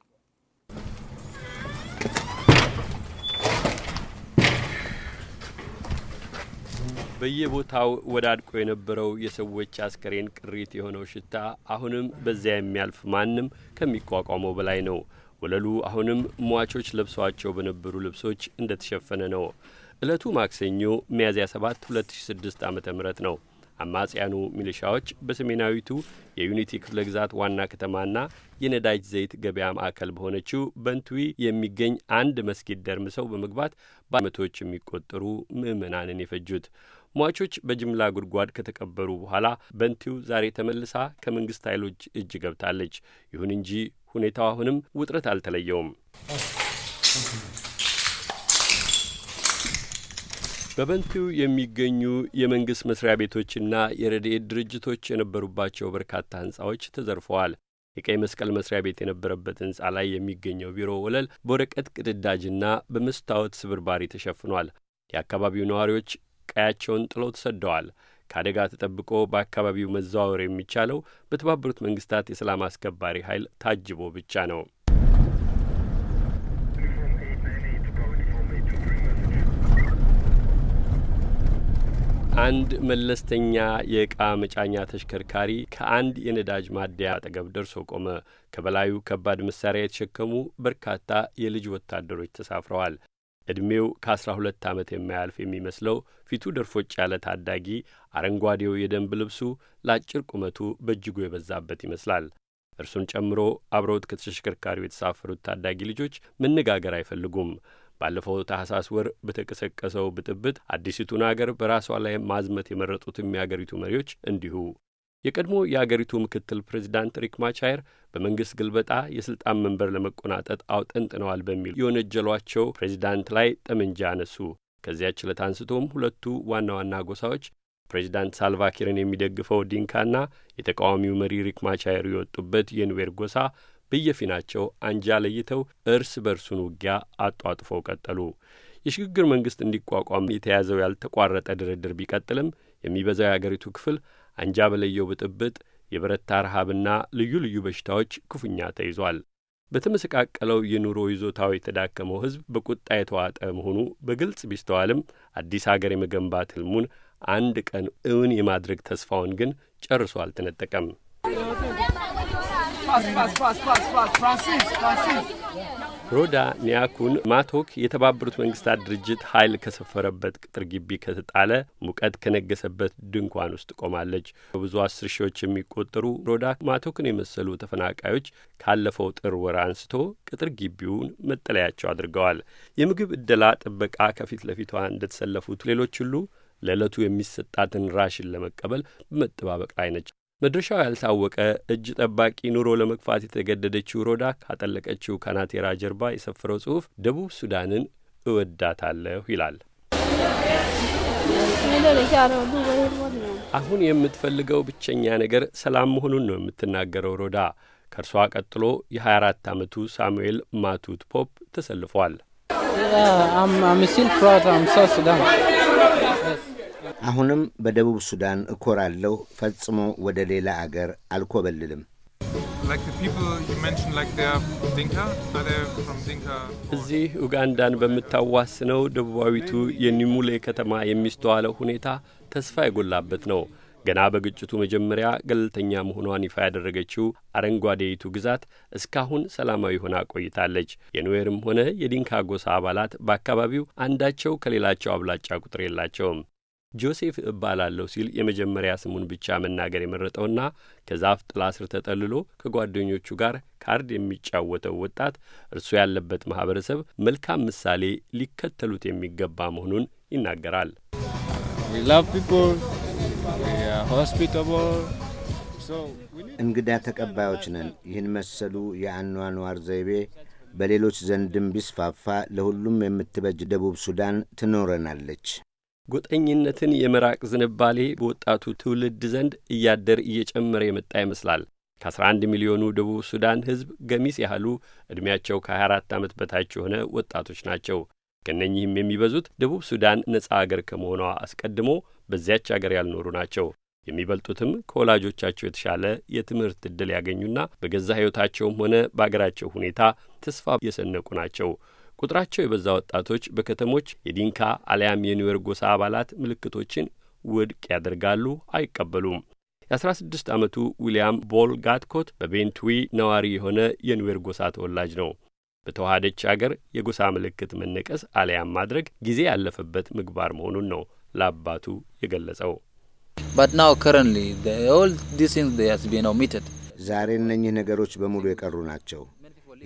በየቦታው ወዳድቆ የነበረው የሰዎች አስከሬን ቅሪት የሆነው ሽታ አሁንም በዚያ የሚያልፍ ማንም ከሚቋቋመው በላይ ነው። ወለሉ አሁንም ሟቾች ለብሷቸው በነበሩ ልብሶች እንደተሸፈነ ነው። ዕለቱ ማክሰኞ ሚያዝያ 7 2006 ዓ ም ነው። አማጽያኑ ሚሊሻዎች በሰሜናዊቱ የዩኒቲ ክፍለ ግዛት ዋና ከተማና የነዳጅ ዘይት ገበያ ማዕከል በሆነችው በንቱዊ የሚገኝ አንድ መስጊድ ደርምሰው በመግባት በመቶዎች የሚቆጠሩ ምዕመናንን የፈጁት ሟቾች በጅምላ ጉድጓድ ከተቀበሩ በኋላ በንቲው ዛሬ ተመልሳ ከመንግስት ኃይሎች እጅ ገብታለች። ይሁን እንጂ ሁኔታው አሁንም ውጥረት አልተለየውም። በበንቲው የሚገኙ የመንግሥት መስሪያ ቤቶችና የረድኤት ድርጅቶች የነበሩባቸው በርካታ ሕንፃዎች ተዘርፈዋል። የቀይ መስቀል መስሪያ ቤት የነበረበት ሕንፃ ላይ የሚገኘው ቢሮ ወለል በወረቀት ቅድዳጅና በመስታወት ስብርባሪ ተሸፍኗል። የአካባቢው ነዋሪዎች ቀያቸውን ጥለው ተሰደዋል። ከአደጋ ተጠብቆ በአካባቢው መዘዋወር የሚቻለው በተባበሩት መንግስታት የሰላም አስከባሪ ኃይል ታጅቦ ብቻ ነው። አንድ መለስተኛ የእቃ መጫኛ ተሽከርካሪ ከአንድ የነዳጅ ማደያ አጠገብ ደርሶ ቆመ። ከበላዩ ከባድ መሳሪያ የተሸከሙ በርካታ የልጅ ወታደሮች ተሳፍረዋል። ዕድሜው ከአስራ ሁለት ዓመት የማያልፍ የሚመስለው ፊቱ ደርፎጭ ያለ ታዳጊ አረንጓዴው የደንብ ልብሱ ለአጭር ቁመቱ በእጅጉ የበዛበት ይመስላል። እርሱን ጨምሮ አብረውት ከተሽከርካሪው የተሳፈሩት ታዳጊ ልጆች መነጋገር አይፈልጉም። ባለፈው ታህሳስ ወር በተቀሰቀሰው ብጥብጥ አዲሲቱን አገር በራሷ ላይ ማዝመት የመረጡትም የአገሪቱ መሪዎች እንዲሁ የቀድሞ የአገሪቱ ምክትል ፕሬዚዳንት ሪክ ማቻየር በመንግስት ግልበጣ የስልጣን መንበር ለመቆናጠጥ አውጠንጥነዋል በሚል የወነጀሏቸው ፕሬዚዳንት ላይ ጠመንጃ አነሱ። ከዚያች ዕለት አንስቶም ሁለቱ ዋና ዋና ጎሳዎች ፕሬዚዳንት ሳልቫኪርን የሚደግፈው ዲንካና የተቃዋሚው መሪ ሪክ ማቻየር የወጡበት የኑዌር ጎሳ በየፊናቸው አንጃ ለይተው እርስ በርሱን ውጊያ አጧጥፈው ቀጠሉ። የሽግግር መንግስት እንዲቋቋም የተያዘው ያልተቋረጠ ድርድር ቢቀጥልም የሚበዛው የአገሪቱ ክፍል አንጃ በለየው ብጥብጥ፣ የበረታ ረሃብና ልዩ ልዩ በሽታዎች ክፉኛ ተይዟል። በተመሰቃቀለው የኑሮ ይዞታው የተዳከመው ሕዝብ በቁጣ የተዋጠ መሆኑ በግልጽ ቢስተዋልም አዲስ አገር የመገንባት ህልሙን አንድ ቀን እውን የማድረግ ተስፋውን ግን ጨርሶ አልተነጠቀም። ሮዳ ኒያኩን ማቶክ የተባበሩት መንግስታት ድርጅት ኃይል ከሰፈረበት ቅጥር ግቢ ከተጣለ ሙቀት ከነገሰበት ድንኳን ውስጥ ቆማለች። በብዙ አስር ሺዎች የሚቆጠሩ ሮዳ ማቶክን የመሰሉ ተፈናቃዮች ካለፈው ጥር ወር አንስቶ ቅጥር ግቢውን መጠለያቸው አድርገዋል። የምግብ እደላ ጥበቃ ከፊት ለፊቷ እንደተሰለፉት ሌሎች ሁሉ ለዕለቱ የሚሰጣትን ራሽን ለመቀበል በመጠባበቅ ላይ ነች። መድረሻው ያልታወቀ እጅ ጠባቂ ኑሮ ለመግፋት የተገደደችው ሮዳ ካጠለቀችው ካናቴራ ጀርባ የሰፈረው ጽሑፍ ደቡብ ሱዳንን እወዳታለሁ ይላል። አሁን የምትፈልገው ብቸኛ ነገር ሰላም መሆኑን ነው የምትናገረው ሮዳ። ከእርሷ ቀጥሎ የ24 ዓመቱ ሳሙኤል ማቱት ፖፕ ተሰልፏል። አሁንም በደቡብ ሱዳን እኮራለሁ። ፈጽሞ ወደ ሌላ አገር አልኮበልልም። እዚህ ኡጋንዳን በምታዋስነው ደቡባዊቱ የኒሙሌ ከተማ የሚስተዋለው ሁኔታ ተስፋ የጎላበት ነው። ገና በግጭቱ መጀመሪያ ገለልተኛ መሆኗን ይፋ ያደረገችው አረንጓዴይቱ ግዛት እስካሁን ሰላማዊ ሆና ቆይታለች። የኑዌርም ሆነ የዲንካ ጎሳ አባላት በአካባቢው አንዳቸው ከሌላቸው አብላጫ ቁጥር የላቸውም። ጆሴፍ እባላለሁ ሲል የመጀመሪያ ስሙን ብቻ መናገር የመረጠውና ከዛፍ ጥላ ስር ተጠልሎ ከጓደኞቹ ጋር ካርድ የሚጫወተው ወጣት እርሱ ያለበት ማህበረሰብ መልካም ምሳሌ ሊከተሉት የሚገባ መሆኑን ይናገራል። እንግዳ ተቀባዮች ነን። ይህን መሰሉ የአኗኗር ዘይቤ በሌሎች ዘንድም ቢስፋፋ ለሁሉም የምትበጅ ደቡብ ሱዳን ትኖረናለች። ጎጠኝነትን የመራቅ ዝንባሌ በወጣቱ ትውልድ ዘንድ እያደር እየጨመረ የመጣ ይመስላል። ከ11 ሚሊዮኑ ደቡብ ሱዳን ሕዝብ ገሚስ ያህሉ ዕድሜያቸው ከ24 ዓመት በታች የሆነ ወጣቶች ናቸው። ከእነኚህም የሚበዙት ደቡብ ሱዳን ነጻ አገር ከመሆኗ አስቀድሞ በዚያች አገር ያልኖሩ ናቸው። የሚበልጡትም ከወላጆቻቸው የተሻለ የትምህርት ዕድል ያገኙና በገዛ ሕይወታቸውም ሆነ በአገራቸው ሁኔታ ተስፋ የሰነቁ ናቸው። ቁጥራቸው የበዛ ወጣቶች በከተሞች የዲንካ አሊያም የኒዌር ጎሳ አባላት ምልክቶችን ውድቅ ያደርጋሉ፣ አይቀበሉም። የአስራ ስድስት ዓመቱ ዊልያም ቦል ጋትኮት በቤንትዊ ነዋሪ የሆነ የኒዌር ጎሳ ተወላጅ ነው። በተዋሃደች አገር የጎሳ ምልክት መነቀስ አሊያም ማድረግ ጊዜ ያለፈበት ምግባር መሆኑን ነው ለአባቱ የገለጸው። ዛሬ እነኚህ ነገሮች በሙሉ የቀሩ ናቸው።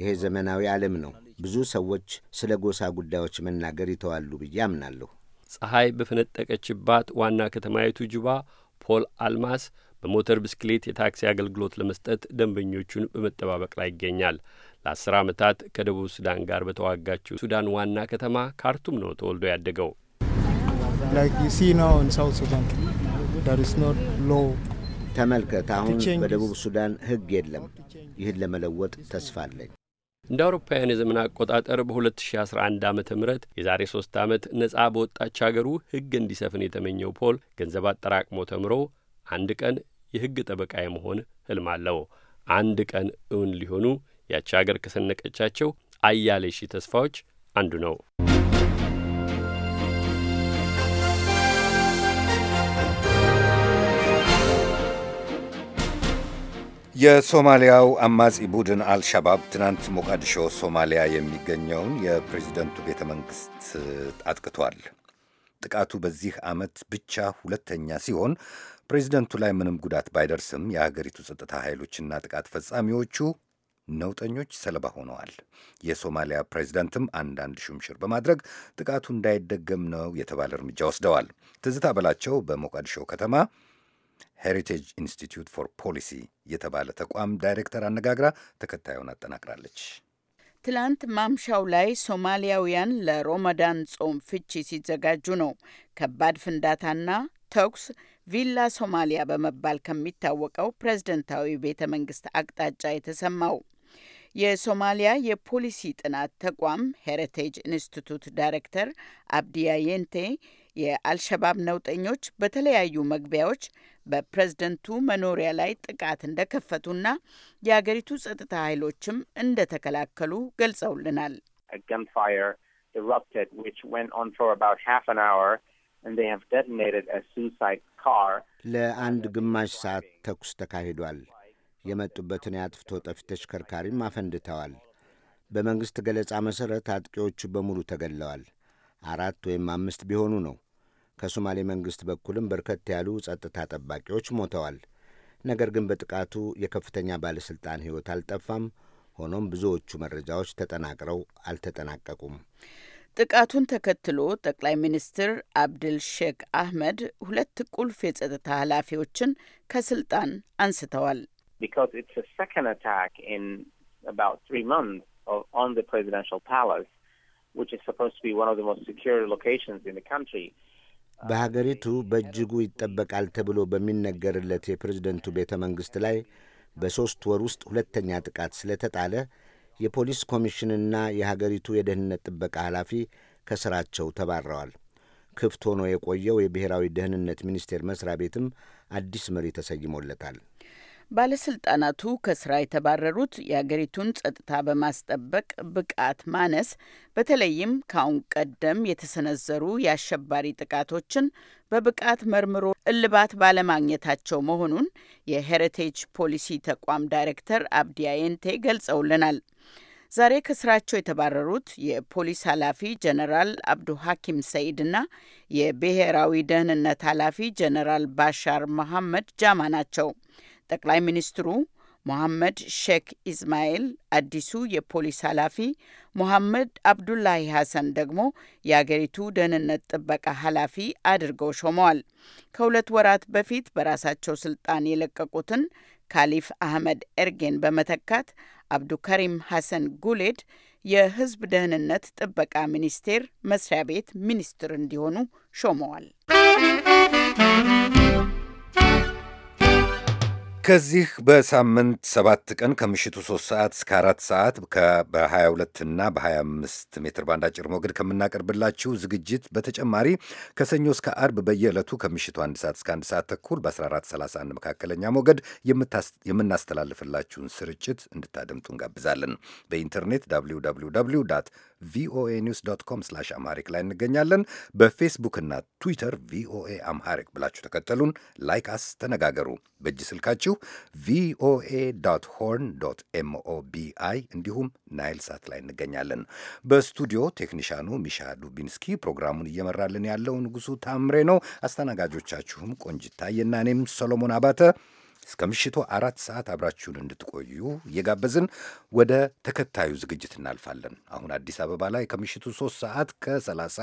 ይሄ ዘመናዊ ዓለም ነው። ብዙ ሰዎች ስለ ጎሳ ጉዳዮች መናገር ይተዋሉ ብዬ አምናለሁ። ፀሐይ በፈነጠቀችባት ዋና ከተማይቱ ጁባ ፖል አልማስ በሞተር ብስክሌት የታክሲ አገልግሎት ለመስጠት ደንበኞቹን በመጠባበቅ ላይ ይገኛል። ለአስር ዓመታት ከደቡብ ሱዳን ጋር በተዋጋችው ሱዳን ዋና ከተማ ካርቱም ነው ተወልዶ ያደገው። ተመልከት፣ አሁን በደቡብ ሱዳን ሕግ የለም። ይህን ለመለወጥ ተስፋ አለኝ። እንደ አውሮፓውያን የዘመን አቆጣጠር በ2011 ዓ ም የዛሬ ሶስት ዓመት ነጻ በወጣች አገሩ ሕግ እንዲሰፍን የተመኘው ፖል ገንዘብ አጠራቅሞ ተምሮ አንድ ቀን የሕግ ጠበቃ የመሆን ህልም አለው። አንድ ቀን እውን ሊሆኑ ያቺ አገር ከሰነቀቻቸው አያሌ ተስፋዎች አንዱ ነው። የሶማሊያው አማጺ ቡድን አልሻባብ ትናንት ሞቃዲሾ ሶማሊያ የሚገኘውን የፕሬዚደንቱ ቤተ መንግሥት አጥቅቷል። ጥቃቱ በዚህ ዓመት ብቻ ሁለተኛ ሲሆን ፕሬዚደንቱ ላይ ምንም ጉዳት ባይደርስም የሀገሪቱ ጸጥታ ኃይሎችና ጥቃት ፈጻሚዎቹ ነውጠኞች ሰለባ ሆነዋል። የሶማሊያ ፕሬዚደንትም አንዳንድ ሹምሽር በማድረግ ጥቃቱ እንዳይደገም ነው የተባለ እርምጃ ወስደዋል። ትዝታ በላቸው በሞቃዲሾ ከተማ ሄሪቴጅ ኢንስቲትዩት ፎር ፖሊሲ የተባለ ተቋም ዳይሬክተር አነጋግራ ተከታዩን አጠናቅራለች። ትላንት ማምሻው ላይ ሶማሊያውያን ለሮመዳን ጾም ፍቺ ሲዘጋጁ ነው ከባድ ፍንዳታና ተኩስ ቪላ ሶማሊያ በመባል ከሚታወቀው ፕሬዝደንታዊ ቤተ መንግስት አቅጣጫ የተሰማው። የሶማሊያ የፖሊሲ ጥናት ተቋም ሄሪቴጅ ኢንስቲቱት ዳይሬክተር አብዲያ የንቴ የአልሸባብ ነውጠኞች በተለያዩ መግቢያዎች በፕሬዝደንቱ መኖሪያ ላይ ጥቃት እንደከፈቱና የአገሪቱ ጸጥታ ኃይሎችም እንደተከላከሉ ገልጸውልናል። ለአንድ ግማሽ ሰዓት ተኩስ ተካሂዷል። የመጡበትን የአጥፍቶ ጠፊ ተሽከርካሪም አፈንድተዋል። በመንግሥት ገለጻ መሠረት አጥቂዎቹ በሙሉ ተገለዋል። አራት ወይም አምስት ቢሆኑ ነው። ከሶማሌ መንግሥት በኩልም በርከት ያሉ ጸጥታ ጠባቂዎች ሞተዋል። ነገር ግን በጥቃቱ የከፍተኛ ባለሥልጣን ሕይወት አልጠፋም። ሆኖም ብዙዎቹ መረጃዎች ተጠናቅረው አልተጠናቀቁም። ጥቃቱን ተከትሎ ጠቅላይ ሚኒስትር አብድል ሼክ አህመድ ሁለት ቁልፍ የጸጥታ ኃላፊዎችን ከስልጣን አንስተዋል። ቢካዝ ኢትስ አ ሰከንድ አታክ ኢን አባውት ትሪ መንዝ ኦን ዘ ፕሬዚደንሻል ፓላስ በሀገሪቱ በእጅጉ ይጠበቃል ተብሎ በሚነገርለት የፕሬዝደንቱ ቤተ መንግሥት ላይ በሦስት ወር ውስጥ ሁለተኛ ጥቃት ስለተጣለ የፖሊስ ኮሚሽንና የሀገሪቱ የደህንነት ጥበቃ ኃላፊ ከሥራቸው ተባረዋል። ክፍት ሆኖ የቆየው የብሔራዊ ደህንነት ሚኒስቴር መሥሪያ ቤትም አዲስ መሪ ተሰይሞለታል። ባለስልጣናቱ ከስራ የተባረሩት የአገሪቱን ጸጥታ በማስጠበቅ ብቃት ማነስ፣ በተለይም ከአሁን ቀደም የተሰነዘሩ የአሸባሪ ጥቃቶችን በብቃት መርምሮ እልባት ባለማግኘታቸው መሆኑን የሄሪቴጅ ፖሊሲ ተቋም ዳይሬክተር አብዲ አየንቴ ገልጸውልናል። ዛሬ ከስራቸው የተባረሩት የፖሊስ ኃላፊ ጀነራል አብዱ ሐኪም ሰይድና የብሔራዊ ደህንነት ኃላፊ ጀነራል ባሻር መሐመድ ጃማ ናቸው። ጠቅላይ ሚኒስትሩ ሞሐመድ ሼክ ኢስማኤል አዲሱ የፖሊስ ኃላፊ፣ ሞሐመድ አብዱላሂ ሐሰን ደግሞ የአገሪቱ ደህንነት ጥበቃ ኃላፊ አድርገው ሾመዋል። ከሁለት ወራት በፊት በራሳቸው ስልጣን የለቀቁትን ካሊፍ አህመድ ኤርጌን በመተካት አብዱከሪም ሐሰን ጉሌድ የህዝብ ደህንነት ጥበቃ ሚኒስቴር መስሪያ ቤት ሚኒስትር እንዲሆኑ ሾመዋል። ከዚህ በሳምንት ሰባት ቀን ከምሽቱ ሶስት ሰዓት እስከ 4 ሰዓት በ22 እና በ25 ሜትር ባንድ አጭር ሞገድ ከምናቀርብላችሁ ዝግጅት በተጨማሪ ከሰኞ እስከ አርብ በየዕለቱ ከምሽቱ አንድ ሰዓት እስከ 1 ሰዓት ተኩል በ1431 መካከለኛ ሞገድ የምናስተላልፍላችሁን ስርጭት እንድታደምጡ እንጋብዛለን። በኢንተርኔት ዳት ቪኦኤ ኒውስ ዶት ኮም ስላሽ አምሃሪክ ላይ እንገኛለን። በፌስቡክና ትዊተር ቪኦኤ አምሃሪክ ብላችሁ ተከተሉን፣ ላይክ አስ፣ ተነጋገሩ። በእጅ ስልካችሁ ቪኦኤ ዶት ሆርን ዶት ኤምኦቢአይ እንዲሁም ናይል ሳት ላይ እንገኛለን። በስቱዲዮ ቴክኒሻኑ ሚሻ ዱቢንስኪ፣ ፕሮግራሙን እየመራልን ያለው ንጉሱ ታምሬ ነው። አስተናጋጆቻችሁም ቆንጅታ እኔም ሰሎሞን አባተ እስከ ምሽቱ አራት ሰዓት አብራችሁን እንድትቆዩ እየጋበዝን ወደ ተከታዩ ዝግጅት እናልፋለን። አሁን አዲስ አበባ ላይ ከምሽቱ ሶስት ሰዓት ከሰላሳ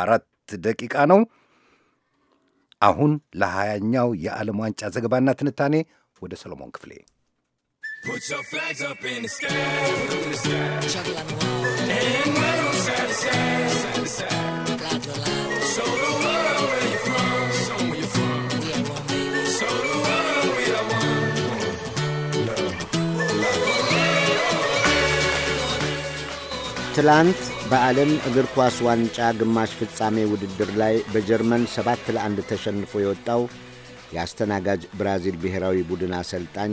አራት ደቂቃ ነው። አሁን ለሀያኛው የዓለም ዋንጫ ዘገባና ትንታኔ ወደ ሰሎሞን ክፍሌ Put ትላንት በዓለም እግር ኳስ ዋንጫ ግማሽ ፍጻሜ ውድድር ላይ በጀርመን ሰባት ለአንድ ተሸንፎ የወጣው የአስተናጋጅ ብራዚል ብሔራዊ ቡድን አሰልጣኝ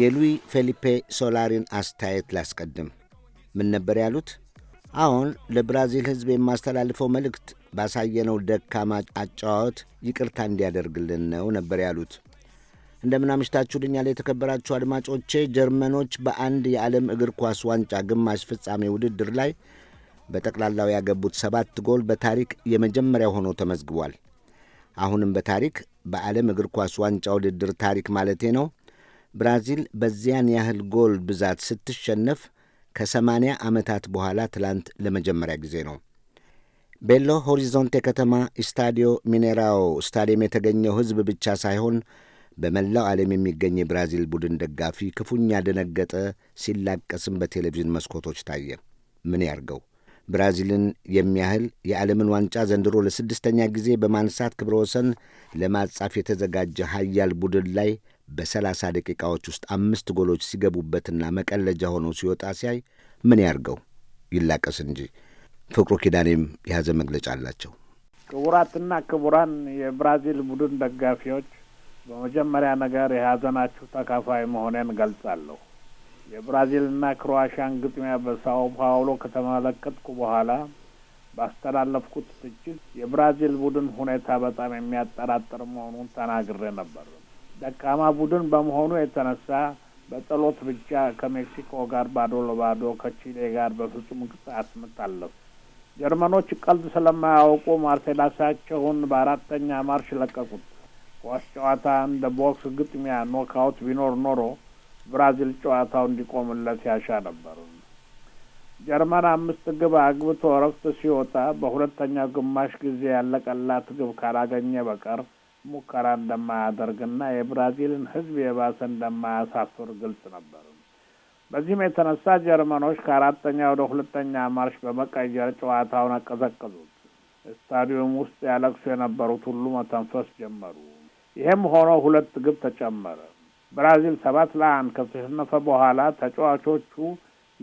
የሉዊ ፌሊፔ ሶላሪን አስተያየት ላስቀድም። ምን ነበር ያሉት? አሁን ለብራዚል ሕዝብ የማስተላልፈው መልእክት ባሳየነው ደካማ አጫዋወት ይቅርታ እንዲያደርግልን ነው ነበር ያሉት። እንደምን አምሽታችሁልኛል የተከበራችሁ አድማጮቼ። ጀርመኖች በአንድ የዓለም እግር ኳስ ዋንጫ ግማሽ ፍጻሜ ውድድር ላይ በጠቅላላው ያገቡት ሰባት ጎል በታሪክ የመጀመሪያ ሆኖ ተመዝግቧል። አሁንም በታሪክ በዓለም እግር ኳስ ዋንጫ ውድድር ታሪክ ማለቴ ነው። ብራዚል በዚያን ያህል ጎል ብዛት ስትሸነፍ ከሰማንያ ዓመታት በኋላ ትላንት ለመጀመሪያ ጊዜ ነው። ቤሎ ሆሪዞንቴ ከተማ ስታዲዮ ሚኔራው ስታዲየም የተገኘው ሕዝብ ብቻ ሳይሆን በመላው ዓለም የሚገኝ የብራዚል ቡድን ደጋፊ ክፉኛ ደነገጠ፣ ሲላቀስም በቴሌቪዥን መስኮቶች ታየ። ምን ያርገው? ብራዚልን የሚያህል የዓለምን ዋንጫ ዘንድሮ ለስድስተኛ ጊዜ በማንሳት ክብረ ወሰን ለማጻፍ የተዘጋጀ ሀያል ቡድን ላይ በሰላሳ ደቂቃዎች ውስጥ አምስት ጎሎች ሲገቡበትና መቀለጃ ሆኖ ሲወጣ ሲያይ ምን ያርገው? ይላቀስ እንጂ። ፍቅሩ ኪዳኔም የያዘ መግለጫ አላቸው። ክቡራትና ክቡራን የብራዚል ቡድን ደጋፊዎች በመጀመሪያ ነገር የሀዘናችሁ ተካፋይ መሆኔን እገልጻለሁ። የብራዚልና ክሮዋሽያን ግጥሚያ በሳኦ ፓውሎ ከተመለከትኩ በኋላ ባስተላለፍኩት ትችት የብራዚል ቡድን ሁኔታ በጣም የሚያጠራጥር መሆኑን ተናግሬ ነበር። ደካማ ቡድን በመሆኑ የተነሳ በጸሎት ብቻ ከሜክሲኮ ጋር ባዶ ለባዶ፣ ከቺሌ ጋር በፍጹም ቅጣት ምት አለፉ። ጀርመኖች ቀልድ ስለማያውቁ ማርሴላሳቸውን በአራተኛ ማርሽ ለቀቁት። ኳስ ጨዋታ እንደ ቦክስ ግጥሚያ ኖካውት ቢኖር ኖሮ ብራዚል ጨዋታው እንዲቆምለት ያሻ ነበር። ጀርመን አምስት ግብ አግብቶ እረፍት ሲወጣ በሁለተኛው ግማሽ ጊዜ ያለቀላት ግብ ካላገኘ በቀር ሙከራ እንደማያደርግና የብራዚልን ሕዝብ የባሰ እንደማያሳፍር ግልጽ ነበር። በዚህም የተነሳ ጀርመኖች ከአራተኛ ወደ ሁለተኛ ማርሽ በመቀየር ጨዋታውን አቀዘቀዙት። ስታዲየም ውስጥ ያለቅሱ የነበሩት ሁሉ መተንፈስ ጀመሩ። ይህም ሆኖ ሁለት ግብ ተጨመረ። ብራዚል ሰባት ለአንድ ከተሸነፈ በኋላ ተጫዋቾቹ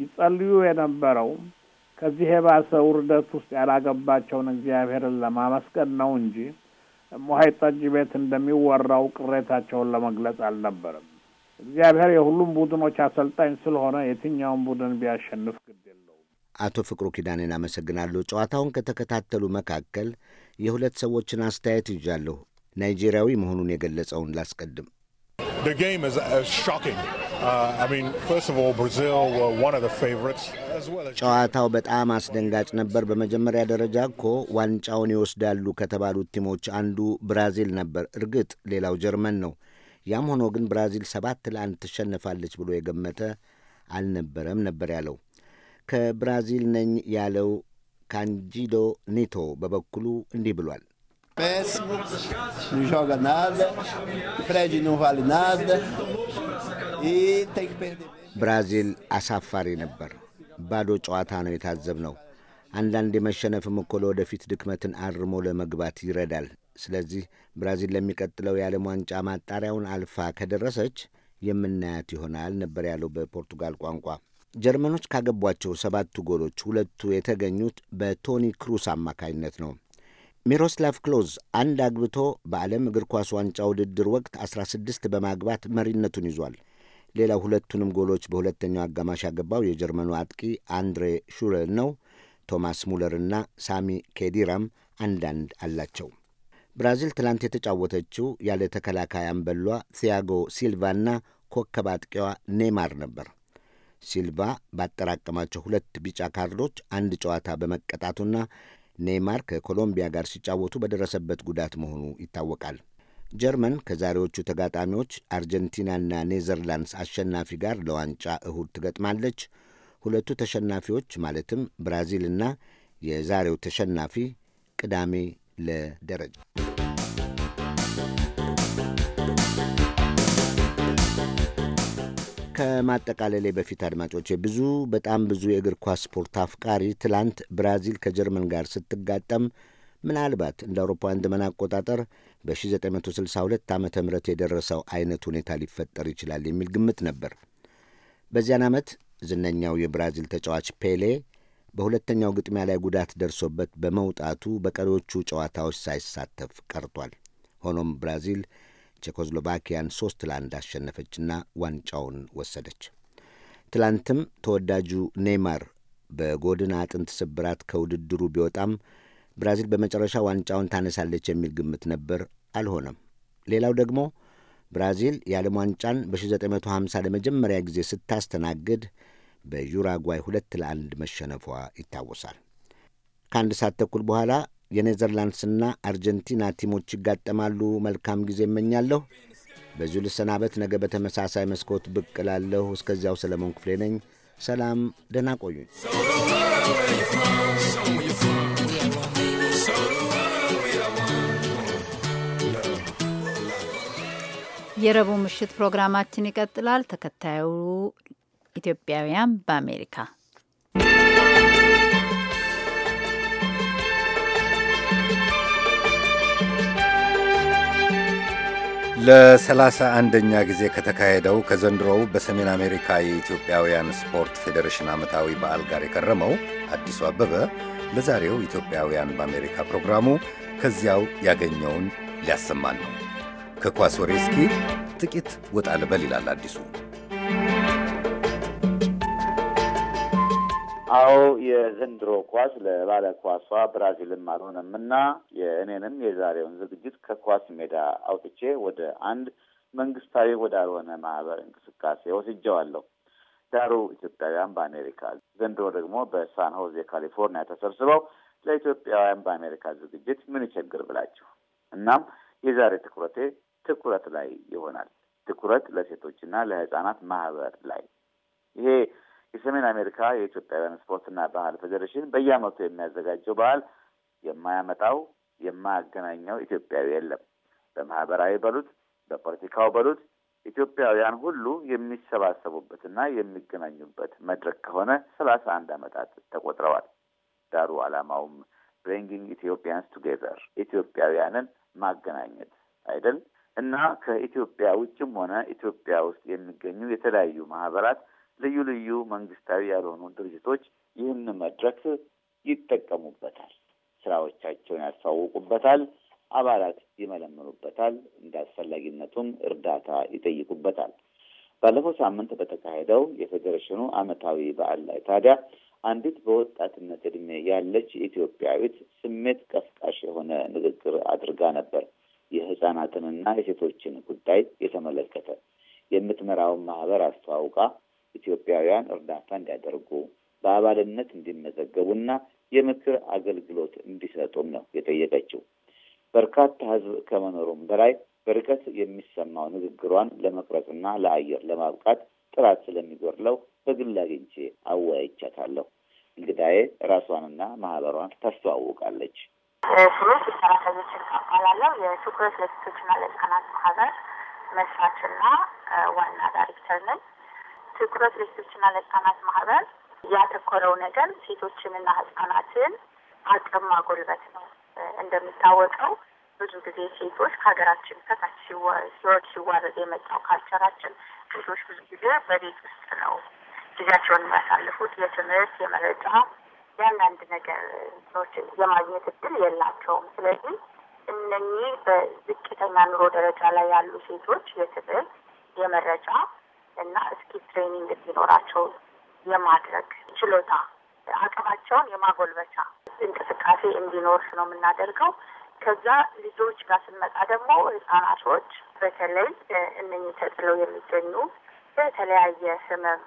ይጸልዩ የነበረው ከዚህ የባሰ ውርደት ውስጥ ያላገባቸውን እግዚአብሔርን ለማመስገን ነው እንጂ ሞሀይ ጠጅ ቤት እንደሚወራው ቅሬታቸውን ለመግለጽ አልነበረም። እግዚአብሔር የሁሉም ቡድኖች አሰልጣኝ ስለሆነ የትኛውን ቡድን ቢያሸንፍ ግድ የለውም። አቶ ፍቅሩ ኪዳኔን አመሰግናለሁ። ጨዋታውን ከተከታተሉ መካከል የሁለት ሰዎችን አስተያየት ይዣለሁ። ናይጄሪያዊ መሆኑን የገለጸውን ላስቀድም። uh, ጨዋታው በጣም አስደንጋጭ ነበር። በመጀመሪያ ደረጃ እኮ ዋንጫውን ይወስዳሉ ከተባሉት ቲሞች አንዱ ብራዚል ነበር። እርግጥ ሌላው ጀርመን ነው። ያም ሆኖ ግን ብራዚል ሰባት ለአንድ ትሸነፋለች ብሎ የገመተ አልነበረም ነበር ያለው። ከብራዚል ነኝ ያለው ካንጂዶ ኒቶ በበኩሉ እንዲህ ብሏል። péssimo, não joga nada, Fred não vale nada e tem que perder. ብራዚል አሳፋሪ ነበር። ባዶ ጨዋታ ነው የታዘብነው። አንዳንድ የመሸነፍም እኮ ለወደፊት ድክመትን አርሞ ለመግባት ይረዳል። ስለዚህ ብራዚል ለሚቀጥለው የዓለም ዋንጫ ማጣሪያውን አልፋ ከደረሰች የምናያት ይሆናል ነበር ያለው በፖርቱጋል ቋንቋ። ጀርመኖች ካገቧቸው ሰባቱ ጎሎች ሁለቱ የተገኙት በቶኒ ክሩስ አማካኝነት ነው። ሚሮስላቭ ክሎዝ አንድ አግብቶ በዓለም እግር ኳስ ዋንጫ ውድድር ወቅት 16 በማግባት መሪነቱን ይዟል። ሌላው ሁለቱንም ጎሎች በሁለተኛው አጋማሽ ያገባው የጀርመኑ አጥቂ አንድሬ ሹለር ነው። ቶማስ ሙለርና ሳሚ ኬዲራም አንዳንድ አላቸው። ብራዚል ትላንት የተጫወተችው ያለ ተከላካይ አምበሏ ቲያጎ ሲልቫና ኮከብ አጥቂዋ ኔማር ነበር። ሲልቫ ባጠራቀማቸው ሁለት ቢጫ ካርዶች አንድ ጨዋታ በመቀጣቱና ኔይማር ከኮሎምቢያ ጋር ሲጫወቱ በደረሰበት ጉዳት መሆኑ ይታወቃል። ጀርመን ከዛሬዎቹ ተጋጣሚዎች አርጀንቲናና ኔዘርላንድስ አሸናፊ ጋር ለዋንጫ እሁድ ትገጥማለች። ሁለቱ ተሸናፊዎች ማለትም ብራዚልና የዛሬው ተሸናፊ ቅዳሜ ለደረጃ ከማጠቃለሌ በፊት አድማጮቼ ብዙ በጣም ብዙ የእግር ኳስ ስፖርት አፍቃሪ ትላንት ብራዚል ከጀርመን ጋር ስትጋጠም ምናልባት እንደ አውሮፓውያን ዘመን አቆጣጠር በ1962 ዓ ም የደረሰው አይነት ሁኔታ ሊፈጠር ይችላል የሚል ግምት ነበር። በዚያን ዓመት ዝነኛው የብራዚል ተጫዋች ፔሌ በሁለተኛው ግጥሚያ ላይ ጉዳት ደርሶበት በመውጣቱ በቀሪዎቹ ጨዋታዎች ሳይሳተፍ ቀርቷል። ሆኖም ብራዚል ቼኮስሎቫኪያን ሶስት ለአንድ አሸነፈችና ዋንጫውን ወሰደች። ትላንትም ተወዳጁ ኔይማር በጎድን አጥንት ስብራት ከውድድሩ ቢወጣም ብራዚል በመጨረሻ ዋንጫውን ታነሳለች የሚል ግምት ነበር፣ አልሆነም። ሌላው ደግሞ ብራዚል የዓለም ዋንጫን በ1950 ለመጀመሪያ ጊዜ ስታስተናግድ በዩራጓይ ሁለት ለአንድ መሸነፏ ይታወሳል። ከአንድ ሰዓት ተኩል በኋላ የኔዘርላንድስና አርጀንቲና ቲሞች ይጋጠማሉ። መልካም ጊዜ እመኛለሁ። በዚሁ ልሰናበት። ነገ በተመሳሳይ መስኮት ብቅ እላለሁ። እስከዚያው ሰለሞን ክፍሌ ነኝ። ሰላም፣ ደህና ቆዩኝ። የረቡዕ ምሽት ፕሮግራማችን ይቀጥላል። ተከታዩ ኢትዮጵያውያን በአሜሪካ ለሰላሳ አንደኛ ጊዜ ከተካሄደው ከዘንድሮው በሰሜን አሜሪካ የኢትዮጵያውያን ስፖርት ፌዴሬሽን ዓመታዊ በዓል ጋር የከረመው አዲሱ አበበ ለዛሬው ኢትዮጵያውያን በአሜሪካ ፕሮግራሙ ከዚያው ያገኘውን ሊያሰማን ነው። ከኳስ ወሬ እስኪ ጥቂት ወጣ ልበል ይላል አዲሱ። አዎ የዘንድሮ ኳስ ለባለ ኳሷ ብራዚልም አልሆነም እና የእኔንም የዛሬውን ዝግጅት ከኳስ ሜዳ አውጥቼ ወደ አንድ መንግስታዊ ወዳልሆነ ማህበር እንቅስቃሴ ወስጀዋለሁ። ዳሩ ኢትዮጵያውያን በአሜሪካ ዘንድሮ ደግሞ በሳን ሆዜ ካሊፎርኒያ ተሰብስበው ለኢትዮጵያውያን በአሜሪካ ዝግጅት ምን ይቸግር ብላችሁ። እናም የዛሬ ትኩረቴ ትኩረት ላይ ይሆናል። ትኩረት ለሴቶችና ለህጻናት ማህበር ላይ ይሄ የሰሜን አሜሪካ የኢትዮጵያውያን ስፖርትና ባህል ፌዴሬሽን በየዓመቱ የሚያዘጋጀው በዓል የማያመጣው የማያገናኘው ኢትዮጵያዊ የለም። በማህበራዊ በሉት በፖለቲካው በሉት ኢትዮጵያውያን ሁሉ የሚሰባሰቡበትና የሚገናኙበት መድረክ ከሆነ ሰላሳ አንድ ዓመታት ተቆጥረዋል። ዳሩ ዓላማውም ብሪንግንግ ኢትዮጵያንስ ቱጌዘር ኢትዮጵያውያንን ማገናኘት አይደል እና ከኢትዮጵያ ውጭም ሆነ ኢትዮጵያ ውስጥ የሚገኙ የተለያዩ ማህበራት ልዩ ልዩ መንግስታዊ ያልሆኑ ድርጅቶች ይህን መድረክ ይጠቀሙበታል። ስራዎቻቸውን ያስተዋውቁበታል። አባላት ይመለምኑበታል። እንደ አስፈላጊነቱም እርዳታ ይጠይቁበታል። ባለፈው ሳምንት በተካሄደው የፌዴሬሽኑ ዓመታዊ በዓል ላይ ታዲያ አንዲት በወጣትነት ዕድሜ ያለች ኢትዮጵያዊት ስሜት ቀስቃሽ የሆነ ንግግር አድርጋ ነበር። የህጻናትንና የሴቶችን ጉዳይ የተመለከተ የምትመራውን ማህበር አስተዋውቃ ኢትዮጵያውያን እርዳታ እንዲያደርጉ በአባልነት እንዲመዘገቡና የምክር አገልግሎት እንዲሰጡም ነው የጠየቀችው። በርካታ ሕዝብ ከመኖሩም በላይ በርቀት የሚሰማው ንግግሯን ለመቅረጽና ለአየር ለማብቃት ጥራት ስለሚጎድለው በግል አግኝቼ አወያይቻታለሁ። እንግዳዬ ራሷንና ማህበሯን ታስተዋውቃለች። ስሜት ሲሰራ እባላለሁ። የትኩረት ለሴቶችና ለህፃናት ማህበር መስራችና ዋና ዳይሬክተር ነኝ። ትኩረት ሴቶችና ለህጻናት ማህበር ያተኮረው ነገር ሴቶችንና ህጻናትን አቅም ማጎልበት ነው። እንደሚታወቀው ብዙ ጊዜ ሴቶች ከሀገራችን ከታች ሲወድ ሲዋረድ የመጣው ካልቸራችን ሴቶች ብዙ ጊዜ በቤት ውስጥ ነው ጊዜያቸውን የሚያሳልፉት። የትምህርት የመረጫ የአንዳንድ ነገር ሰዎች የማግኘት እድል የላቸውም። ስለዚህ እነኚህ በዝቅተኛ ኑሮ ደረጃ ላይ ያሉ ሴቶች የትምህርት የመረጫ እና እስኪል ትሬኒንግ እንዲኖራቸው የማድረግ ችሎታ አቅማቸውን የማጎልበቻ እንቅስቃሴ እንዲኖር ነው የምናደርገው። ከዛ ልጆች ጋር ስንመጣ ደግሞ ህጻናቶች በተለይ እነኚህ ተጥለው የሚገኙ በተለያየ ህመም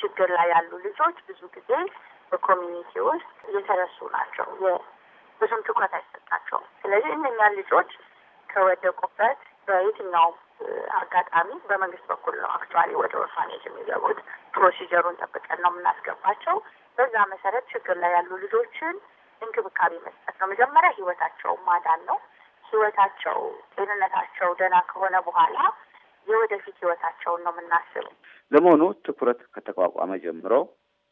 ችግር ላይ ያሉ ልጆች ብዙ ጊዜ በኮሚኒቲ ውስጥ የተረሱ ናቸው። ብዙም ትኩረት አይሰጣቸውም። ስለዚህ እነኛ ልጆች ከወደቁበት በየትኛውም አጋጣሚ በመንግስት በኩል ነው አክቹዋሊ ወደ ኦርፋኔጅ የሚገቡት። ፕሮሲጀሩን ጠብቀን ነው የምናስገባቸው። በዛ መሰረት ችግር ላይ ያሉ ልጆችን እንክብካቤ መስጠት ነው። መጀመሪያ ህይወታቸው ማዳን ነው። ህይወታቸው፣ ጤንነታቸው ደህና ከሆነ በኋላ የወደፊት ህይወታቸውን ነው የምናስበው። ለመሆኑ ትኩረት ከተቋቋመ ጀምሮ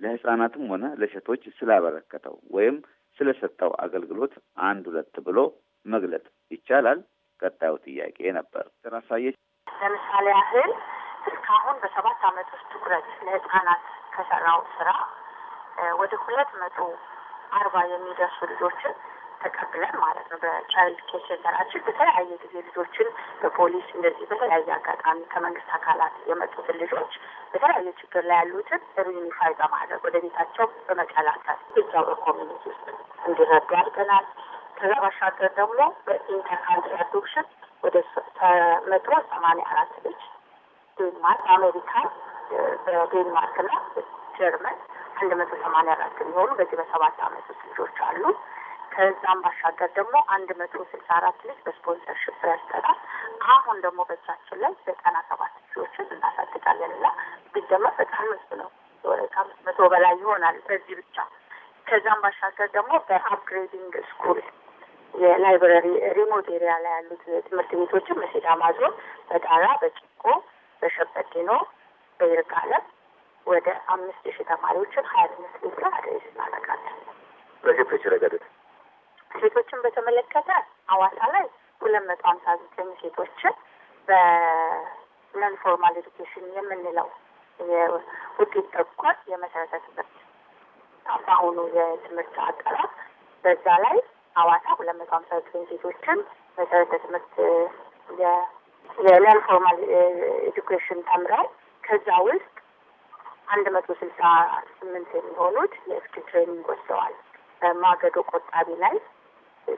ለህጻናትም ሆነ ለሴቶች ስላበረከተው ወይም ስለሰጠው አገልግሎት አንድ ሁለት ብሎ መግለጥ ይቻላል? ቀጣዩ ጥያቄ ነበር። ተናሳየች ለምሳሌ ያህል እስካሁን በሰባት ዓመት ውስጥ ትኩረት ለህፃናት ከሰራው ስራ ወደ ሁለት መቶ አርባ የሚደርሱ ልጆችን ተቀብለን ማለት ነው። በቻይልድ ኬር ሴንተራችን በተለያየ ጊዜ ልጆችን በፖሊስ እንደዚህ በተለያየ አጋጣሚ ከመንግስት አካላት የመጡትን ልጆች በተለያየ ችግር ላይ ያሉትን ሪዩኒፋይ በማድረግ ወደ ቤታቸው በመቀላቀል ቤቻ በኮሚኒቲ ውስጥ እንዲረዱ አድርገናል። ከዛ ባሻገር ደግሞ በኢንተርናል አዶፕሽን ወደ መቶ ሰማንያ አራት ልጅ ዴንማርክ፣ አሜሪካ፣ በዴንማርክ እና ጀርመን አንድ መቶ ሰማንያ አራት የሚሆኑ በዚህ በሰባት አመት ውስጥ ልጆች አሉ። ከዛም ባሻገር ደግሞ አንድ መቶ ስልሳ አራት ልጅ በስፖንሰርሽፕ ረስተናል። አሁን ደግሞ በእጃችን ላይ ዘጠና ሰባት ልጆችን እናሳድጋለን እና ቢደመር በጣም አምስት ነው ወደ አምስት መቶ በላይ ይሆናል በዚህ ብቻ። ከዛም ባሻገር ደግሞ በአፕግሬዲንግ ስኩል የላይብረሪ ሪሞት ኤሪያ ላይ ያሉት ትምህርት ቤቶችም በሲዳማ ዞን በጣራ፣ በጭቆ፣ በሸበዴኖ፣ በይርጋለም ወደ አምስት ሺህ ተማሪዎችን ሀያ ትምህርት ቤት ጋር አድሬስ እናደርጋለን። በሴቶች ረገድ ሴቶችን በተመለከተ አዋሳ ላይ ሁለት መቶ ሀምሳ ዘጠኝ ሴቶችን በነን ፎርማል ኤዱኬሽን የምንለው የውጤት ተኮር የመሰረተ ትምህርት በአሁኑ የትምህርት አጠራር በዛ ላይ ሐዋሳ ሁለት መቶ ሀምሳ ዘጠኝ ሴቶችን መሰረተ ትምህርት የኖን ፎርማል ኤዱኬሽን ተምረው ከዛ ውስጥ አንድ መቶ ስልሳ ስምንት የሚሆኑት የስኪል ትሬኒንግ ወስደዋል። በማገዶ ቆጣቢ ላይ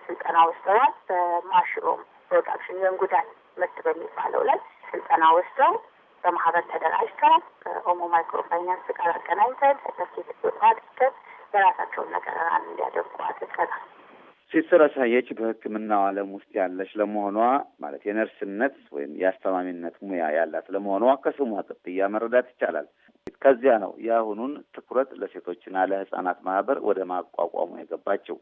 ስልጠና ወስደዋል። በማሽሮም ፕሮዳክሽን የእንጉዳን ምርት በሚባለው ላይ ስልጠና ወስደው በማህበር ተደራጅተው ከኦሞ ማይክሮ ፋይናንስ ጋር አገናኝተን ሰርተፊኬት አድርገን የራሳቸውን ነገር እንዲያደርጉ አድርገናል። ሲስትር አሳየች በሕክምናው ዓለም ውስጥ ያለች ለመሆኗ ማለት የነርስነት ወይም የአስተማሚነት ሙያ ያላት ለመሆኗ ከስሟ ቅጥያ መረዳት ይቻላል። ከዚያ ነው የአሁኑን ትኩረት ለሴቶችና ለሕጻናት ማህበር ወደ ማቋቋሙ የገባቸው።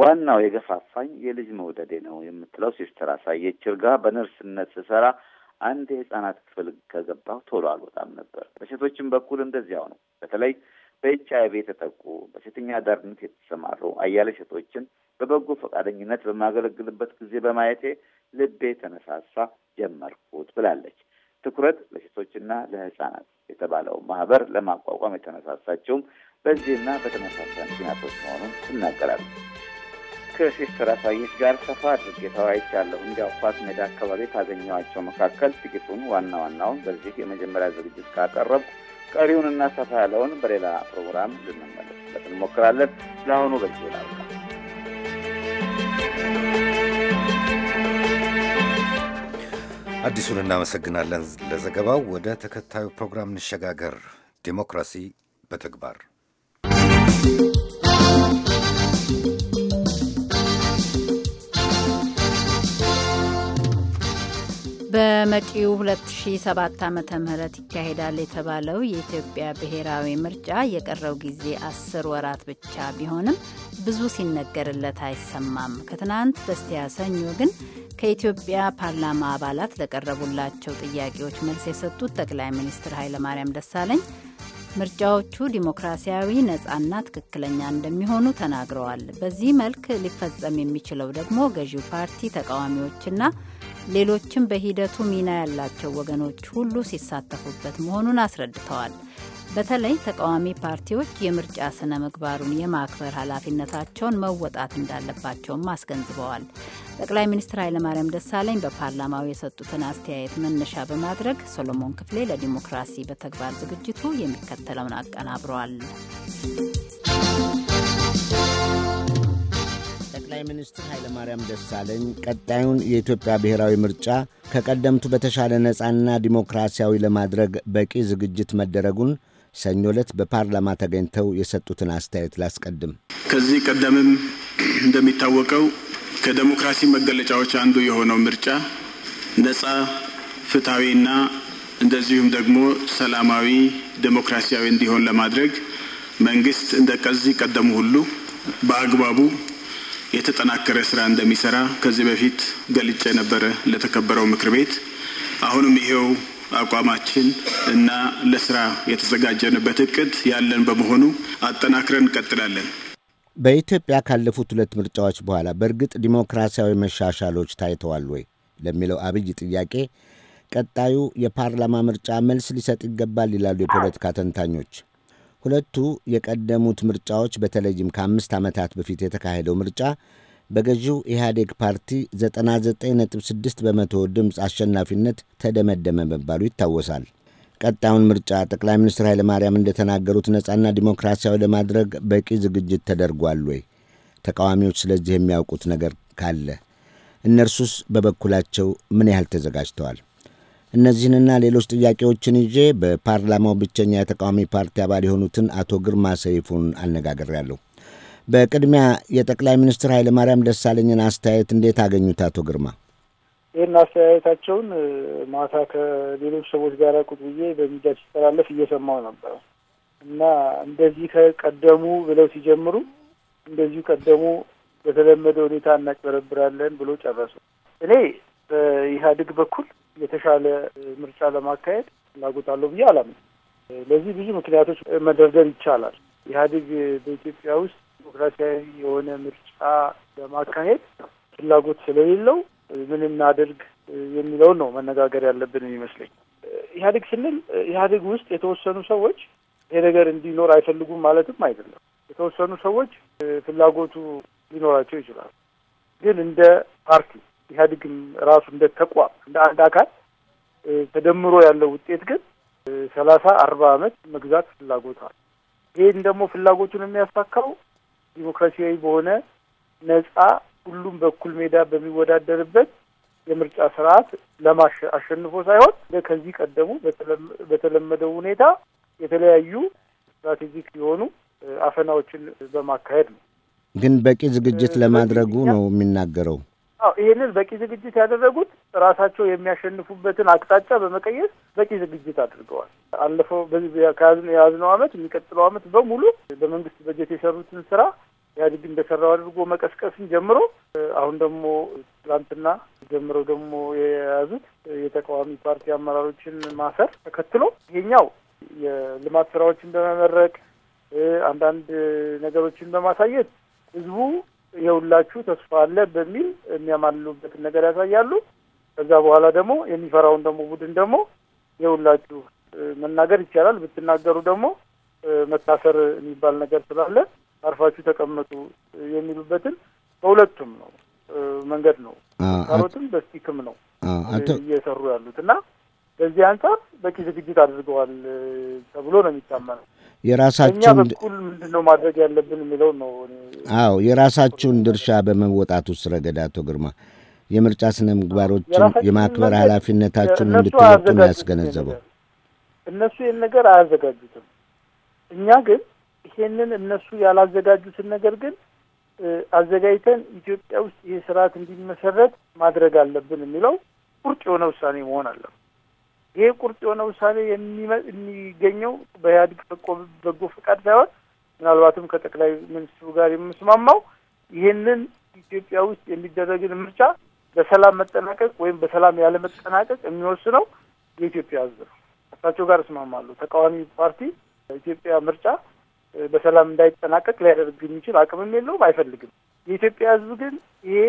ዋናው የገፋፋኝ የልጅ መውደዴ ነው የምትለው ሲስተር አሳየች እርጋ በነርስነት ስሰራ አንድ የህጻናት ክፍል ከገባሁ ቶሎ አልወጣም ነበር። በሴቶችም በኩል እንደዚያው ነው። በተለይ በኤች አይ ቪ የተጠቁ በሴተኛ አዳሪነት የተሰማሩ አያሌ ሴቶችን በበጎ ፈቃደኝነት በማገለግልበት ጊዜ በማየቴ ልቤ ተነሳሳ ጀመርኩት ብላለች። ትኩረት ለሴቶችና ለህጻናት የተባለው ማህበር ለማቋቋም የተነሳሳቸውም በዚህና በተመሳሳይ ምክንያቶች መሆኑን ትናገራለች። ከሲስተር አሳየች ጋር ሰፋ አድርጌ ተወያይቻለሁ። እንዲያው ኳስ ሜዳ አካባቢ ካገኘኋቸው መካከል ጥቂቱን ዋና ዋናውን በዚህ የመጀመሪያ ዝግጅት ካቀረብኩ ቀሪውንና ሰፋ ያለውን በሌላ ፕሮግራም ልንመለስበት እንሞክራለን። ለአሁኑ በዚህ ላብቃ። አዲሱን እናመሰግናለን ለዘገባው። ወደ ተከታዩ ፕሮግራም እንሸጋገር። ዴሞክራሲ በተግባር በመጪው 2007 ዓ ም ይካሄዳል የተባለው የኢትዮጵያ ብሔራዊ ምርጫ የቀረው ጊዜ አስር ወራት ብቻ ቢሆንም ብዙ ሲነገርለት አይሰማም። ከትናንት በስቲያ ሰኞ ግን ከኢትዮጵያ ፓርላማ አባላት ለቀረቡላቸው ጥያቄዎች መልስ የሰጡት ጠቅላይ ሚኒስትር ኃይለማርያም ደሳለኝ ምርጫዎቹ ዲሞክራሲያዊ ነጻና ትክክለኛ እንደሚሆኑ ተናግረዋል። በዚህ መልክ ሊፈጸም የሚችለው ደግሞ ገዢው ፓርቲ ተቃዋሚዎችና ሌሎችም በሂደቱ ሚና ያላቸው ወገኖች ሁሉ ሲሳተፉበት መሆኑን አስረድተዋል። በተለይ ተቃዋሚ ፓርቲዎች የምርጫ ስነ ምግባሩን የማክበር ኃላፊነታቸውን መወጣት እንዳለባቸውም አስገንዝበዋል። ጠቅላይ ሚኒስትር ኃይለማርያም ደሳለኝ በፓርላማው የሰጡትን አስተያየት መነሻ በማድረግ ሶሎሞን ክፍሌ ለዲሞክራሲ በተግባር ዝግጅቱ የሚከተለውን አቀናብረዋል። ጠቅላይ ሚኒስትር ኃይለማርያም ደሳለኝ ቀጣዩን የኢትዮጵያ ብሔራዊ ምርጫ ከቀደምቱ በተሻለ ነፃና ዲሞክራሲያዊ ለማድረግ በቂ ዝግጅት መደረጉን ሰኞ ዕለት በፓርላማ ተገኝተው የሰጡትን አስተያየት ላስቀድም። ከዚህ ቀደምም እንደሚታወቀው ከዴሞክራሲ መገለጫዎች አንዱ የሆነው ምርጫ ነፃ ፍትሐዊና እንደዚሁም ደግሞ ሰላማዊ ዴሞክራሲያዊ እንዲሆን ለማድረግ መንግስት እንደ ከዚህ ቀደሙ ሁሉ በአግባቡ የተጠናከረ ስራ እንደሚሰራ ከዚህ በፊት ገልጬ ነበረ ለተከበረው ምክር ቤት። አሁንም ይሄው አቋማችን እና ለስራ የተዘጋጀንበት እቅድ ያለን በመሆኑ አጠናክረን እንቀጥላለን። በኢትዮጵያ ካለፉት ሁለት ምርጫዎች በኋላ በእርግጥ ዲሞክራሲያዊ መሻሻሎች ታይተዋል ወይ ለሚለው አብይ ጥያቄ ቀጣዩ የፓርላማ ምርጫ መልስ ሊሰጥ ይገባል ይላሉ የፖለቲካ ተንታኞች። ሁለቱ የቀደሙት ምርጫዎች በተለይም ከአምስት ዓመታት በፊት የተካሄደው ምርጫ በገዢው ኢህአዴግ ፓርቲ 99.6 በመቶ ድምፅ አሸናፊነት ተደመደመ መባሉ ይታወሳል። ቀጣዩን ምርጫ ጠቅላይ ሚኒስትር ኃይለ ማርያም እንደተናገሩት ነጻና ዲሞክራሲያዊ ለማድረግ በቂ ዝግጅት ተደርጓል ወይ? ተቃዋሚዎች ስለዚህ የሚያውቁት ነገር ካለ እነርሱስ በበኩላቸው ምን ያህል ተዘጋጅተዋል? እነዚህንና ሌሎች ጥያቄዎችን ይዤ በፓርላማው ብቸኛ የተቃዋሚ ፓርቲ አባል የሆኑትን አቶ ግርማ ሰይፉን አነጋግሬያለሁ። በቅድሚያ የጠቅላይ ሚኒስትር ኃይለማርያም ደሳለኝን አስተያየት እንዴት አገኙት? አቶ ግርማ ይህን አስተያየታቸውን ማታ ከሌሎች ሰዎች ጋር ቁጭ ብዬ በሚዲያ ሲተላለፍ እየሰማው ነበር እና እንደዚህ ከቀደሙ ብለው ሲጀምሩ እንደዚሁ ቀደሙ በተለመደ ሁኔታ እናጭበረብራለን ብሎ ጨረሱ። እኔ በኢህአዴግ በኩል የተሻለ ምርጫ ለማካሄድ ፍላጎት አለው ብዬ አላምን። ለዚህ ብዙ ምክንያቶች መደርደር ይቻላል። ኢህአዴግ በኢትዮጵያ ውስጥ ዲሞክራሲያዊ የሆነ ምርጫ ለማካሄድ ፍላጎት ስለሌለው ምን እናድርግ የሚለውን ነው መነጋገር ያለብን የሚመስለኝ። ኢህአዴግ ስንል ኢህአዴግ ውስጥ የተወሰኑ ሰዎች ይሄ ነገር እንዲኖር አይፈልጉም ማለትም አይደለም። የተወሰኑ ሰዎች ፍላጎቱ ሊኖራቸው ይችላል። ግን እንደ ፓርቲ ኢህአዴግም ራሱ እንደ ተቋም እንደ አንድ አካል ተደምሮ ያለው ውጤት ግን ሰላሳ አርባ ዓመት መግዛት ፍላጎት አለ። ይህን ደግሞ ፍላጎቱን የሚያሳካው ዲሞክራሲያዊ በሆነ ነጻ፣ ሁሉም በኩል ሜዳ በሚወዳደርበት የምርጫ ስርዓት ለማሸ አሸንፎ ሳይሆን ከዚህ ቀደሙ በተለመደው ሁኔታ የተለያዩ ስትራቴጂክ የሆኑ አፈናዎችን በማካሄድ ነው። ግን በቂ ዝግጅት ለማድረጉ ነው የሚናገረው። አዎ ይህንን በቂ ዝግጅት ያደረጉት ራሳቸው የሚያሸንፉበትን አቅጣጫ በመቀየስ በቂ ዝግጅት አድርገዋል። አለፈው የያዝነው ዓመት የሚቀጥለው ዓመት በሙሉ በመንግስት በጀት የሰሩትን ስራ ኢህአዴግ እንደሰራው አድርጎ መቀስቀስን ጀምሮ አሁን ደግሞ ትላንትና ጀምሮ ደግሞ የያዙት የተቃዋሚ ፓርቲ አመራሮችን ማሰር ተከትሎ ይሄኛው የልማት ስራዎችን በመመረቅ አንዳንድ ነገሮችን በማሳየት ህዝቡ የሁላችሁ ተስፋ አለ በሚል የሚያማልሉበትን ነገር ያሳያሉ። ከዛ በኋላ ደግሞ የሚፈራውን ደግሞ ቡድን ደግሞ የሁላችሁ መናገር ይቻላል፣ ብትናገሩ ደግሞ መታሰር የሚባል ነገር ስላለ አርፋችሁ ተቀመጡ የሚሉበትን በሁለቱም ነው መንገድ ነው ካሮትም በስቲክም ነው እየሰሩ ያሉት እና በዚህ አንጻር በቂ ዝግጅት አድርገዋል ተብሎ ነው የሚታመነው። የራሳችሁን ምንድን ነው ማድረግ ያለብን የሚለው ነው። አዎ የራሳችሁን ድርሻ በመወጣት ውስጥ ረገድ አቶ ግርማ የምርጫ ስነ ምግባሮችን የማክበር ኃላፊነታችሁን እንድትወጡ ነው ያስገነዘበው። እነሱ ይህን ነገር አያዘጋጁትም። እኛ ግን ይሄንን እነሱ ያላዘጋጁትን ነገር ግን አዘጋጅተን ኢትዮጵያ ውስጥ ይህ ስርዓት እንዲመሰረት ማድረግ አለብን የሚለው ቁርጥ የሆነ ውሳኔ መሆን አለበት። ይሄ ቁርጥ የሆነ ውሳኔ የሚገኘው በኢህአዴግ በጎ ፈቃድ ሳይሆን ምናልባትም ከጠቅላይ ሚኒስትሩ ጋር የምስማማው ይህንን ኢትዮጵያ ውስጥ የሚደረግን ምርጫ በሰላም መጠናቀቅ ወይም በሰላም ያለ መጠናቀቅ የሚወስነው የኢትዮጵያ ሕዝብ ነው። እሳቸው ጋር እስማማለሁ። ተቃዋሚ ፓርቲ ኢትዮጵያ ምርጫ በሰላም እንዳይጠናቀቅ ሊያደርግ የሚችል አቅምም የለውም፣ አይፈልግም። የኢትዮጵያ ሕዝብ ግን ይሄ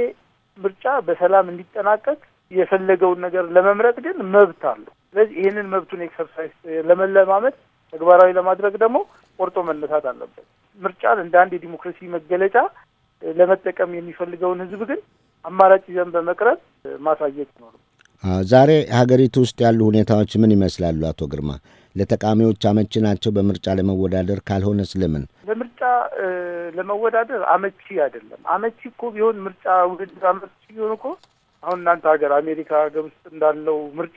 ምርጫ በሰላም እንዲጠናቀቅ የፈለገውን ነገር ለመምረጥ ግን መብት አለው። ስለዚህ ይህንን መብቱን ኤክሰርሳይዝ ለመለማመድ ተግባራዊ ለማድረግ ደግሞ ቆርጦ መነሳት አለበት። ምርጫን እንደ አንድ የዲሞክራሲ መገለጫ ለመጠቀም የሚፈልገውን ህዝብ ግን አማራጭ ይዘን በመቅረብ ማሳየት ይኖርም። ዛሬ ሀገሪቱ ውስጥ ያሉ ሁኔታዎች ምን ይመስላሉ? አቶ ግርማ ለተቃዋሚዎች አመቺ ናቸው? በምርጫ ለመወዳደር ካልሆነ ስለምን ለምርጫ ለመወዳደር አመቺ አይደለም? አመቺ እኮ ቢሆን ምርጫ ውድድር አመቺ ቢሆን እኮ አሁን እናንተ ሀገር አሜሪካ ሀገር ውስጥ እንዳለው ምርጫ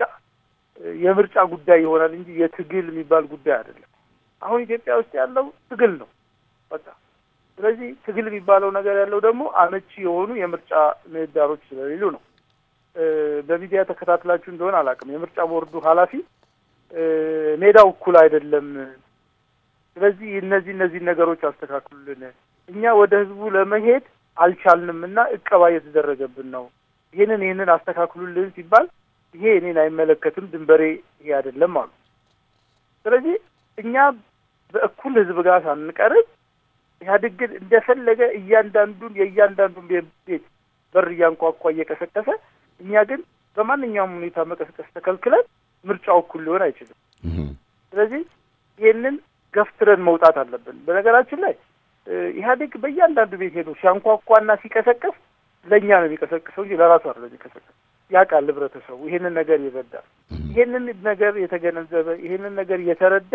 የምርጫ ጉዳይ ይሆናል እንጂ የትግል የሚባል ጉዳይ አይደለም። አሁን ኢትዮጵያ ውስጥ ያለው ትግል ነው በቃ። ስለዚህ ትግል የሚባለው ነገር ያለው ደግሞ አመቺ የሆኑ የምርጫ ምህዳሮች ስለሌሉ ነው። በሚዲያ ተከታትላችሁ እንደሆነ አላውቅም። የምርጫ ቦርዱ ኃላፊ ሜዳው እኩል አይደለም፣ ስለዚህ እነዚህ እነዚህ ነገሮች አስተካክሉልን፣ እኛ ወደ ህዝቡ ለመሄድ አልቻልንም እና እቀባ እየተደረገብን ነው፣ ይህንን ይህንን አስተካክሉልን ሲባል ይሄ እኔን አይመለከትም፣ ድንበሬ ይሄ አይደለም አሉ። ስለዚህ እኛ በእኩል ህዝብ ጋር ሳንቀርብ ኢህአዴግ ግን እንደፈለገ እያንዳንዱን የእያንዳንዱን ቤት በር እያንኳኳ እየቀሰቀሰ፣ እኛ ግን በማንኛውም ሁኔታ መቀስቀስ ተከልክለን ምርጫው እኩል ሊሆን አይችልም። ስለዚህ ይህንን ገፍትረን መውጣት አለብን። በነገራችን ላይ ኢህአዴግ በእያንዳንዱ ቤት ሄዶ ሲያንኳኳና ሲቀሰቀስ ለእኛ ነው የሚቀሰቅሰው እንጂ ለራሱ አይደለም የሚቀሰቀስ። ያውቃል ህብረተሰቡ ይህንን ነገር ይረዳል። ይህንን ነገር የተገነዘበ ይህንን ነገር የተረዳ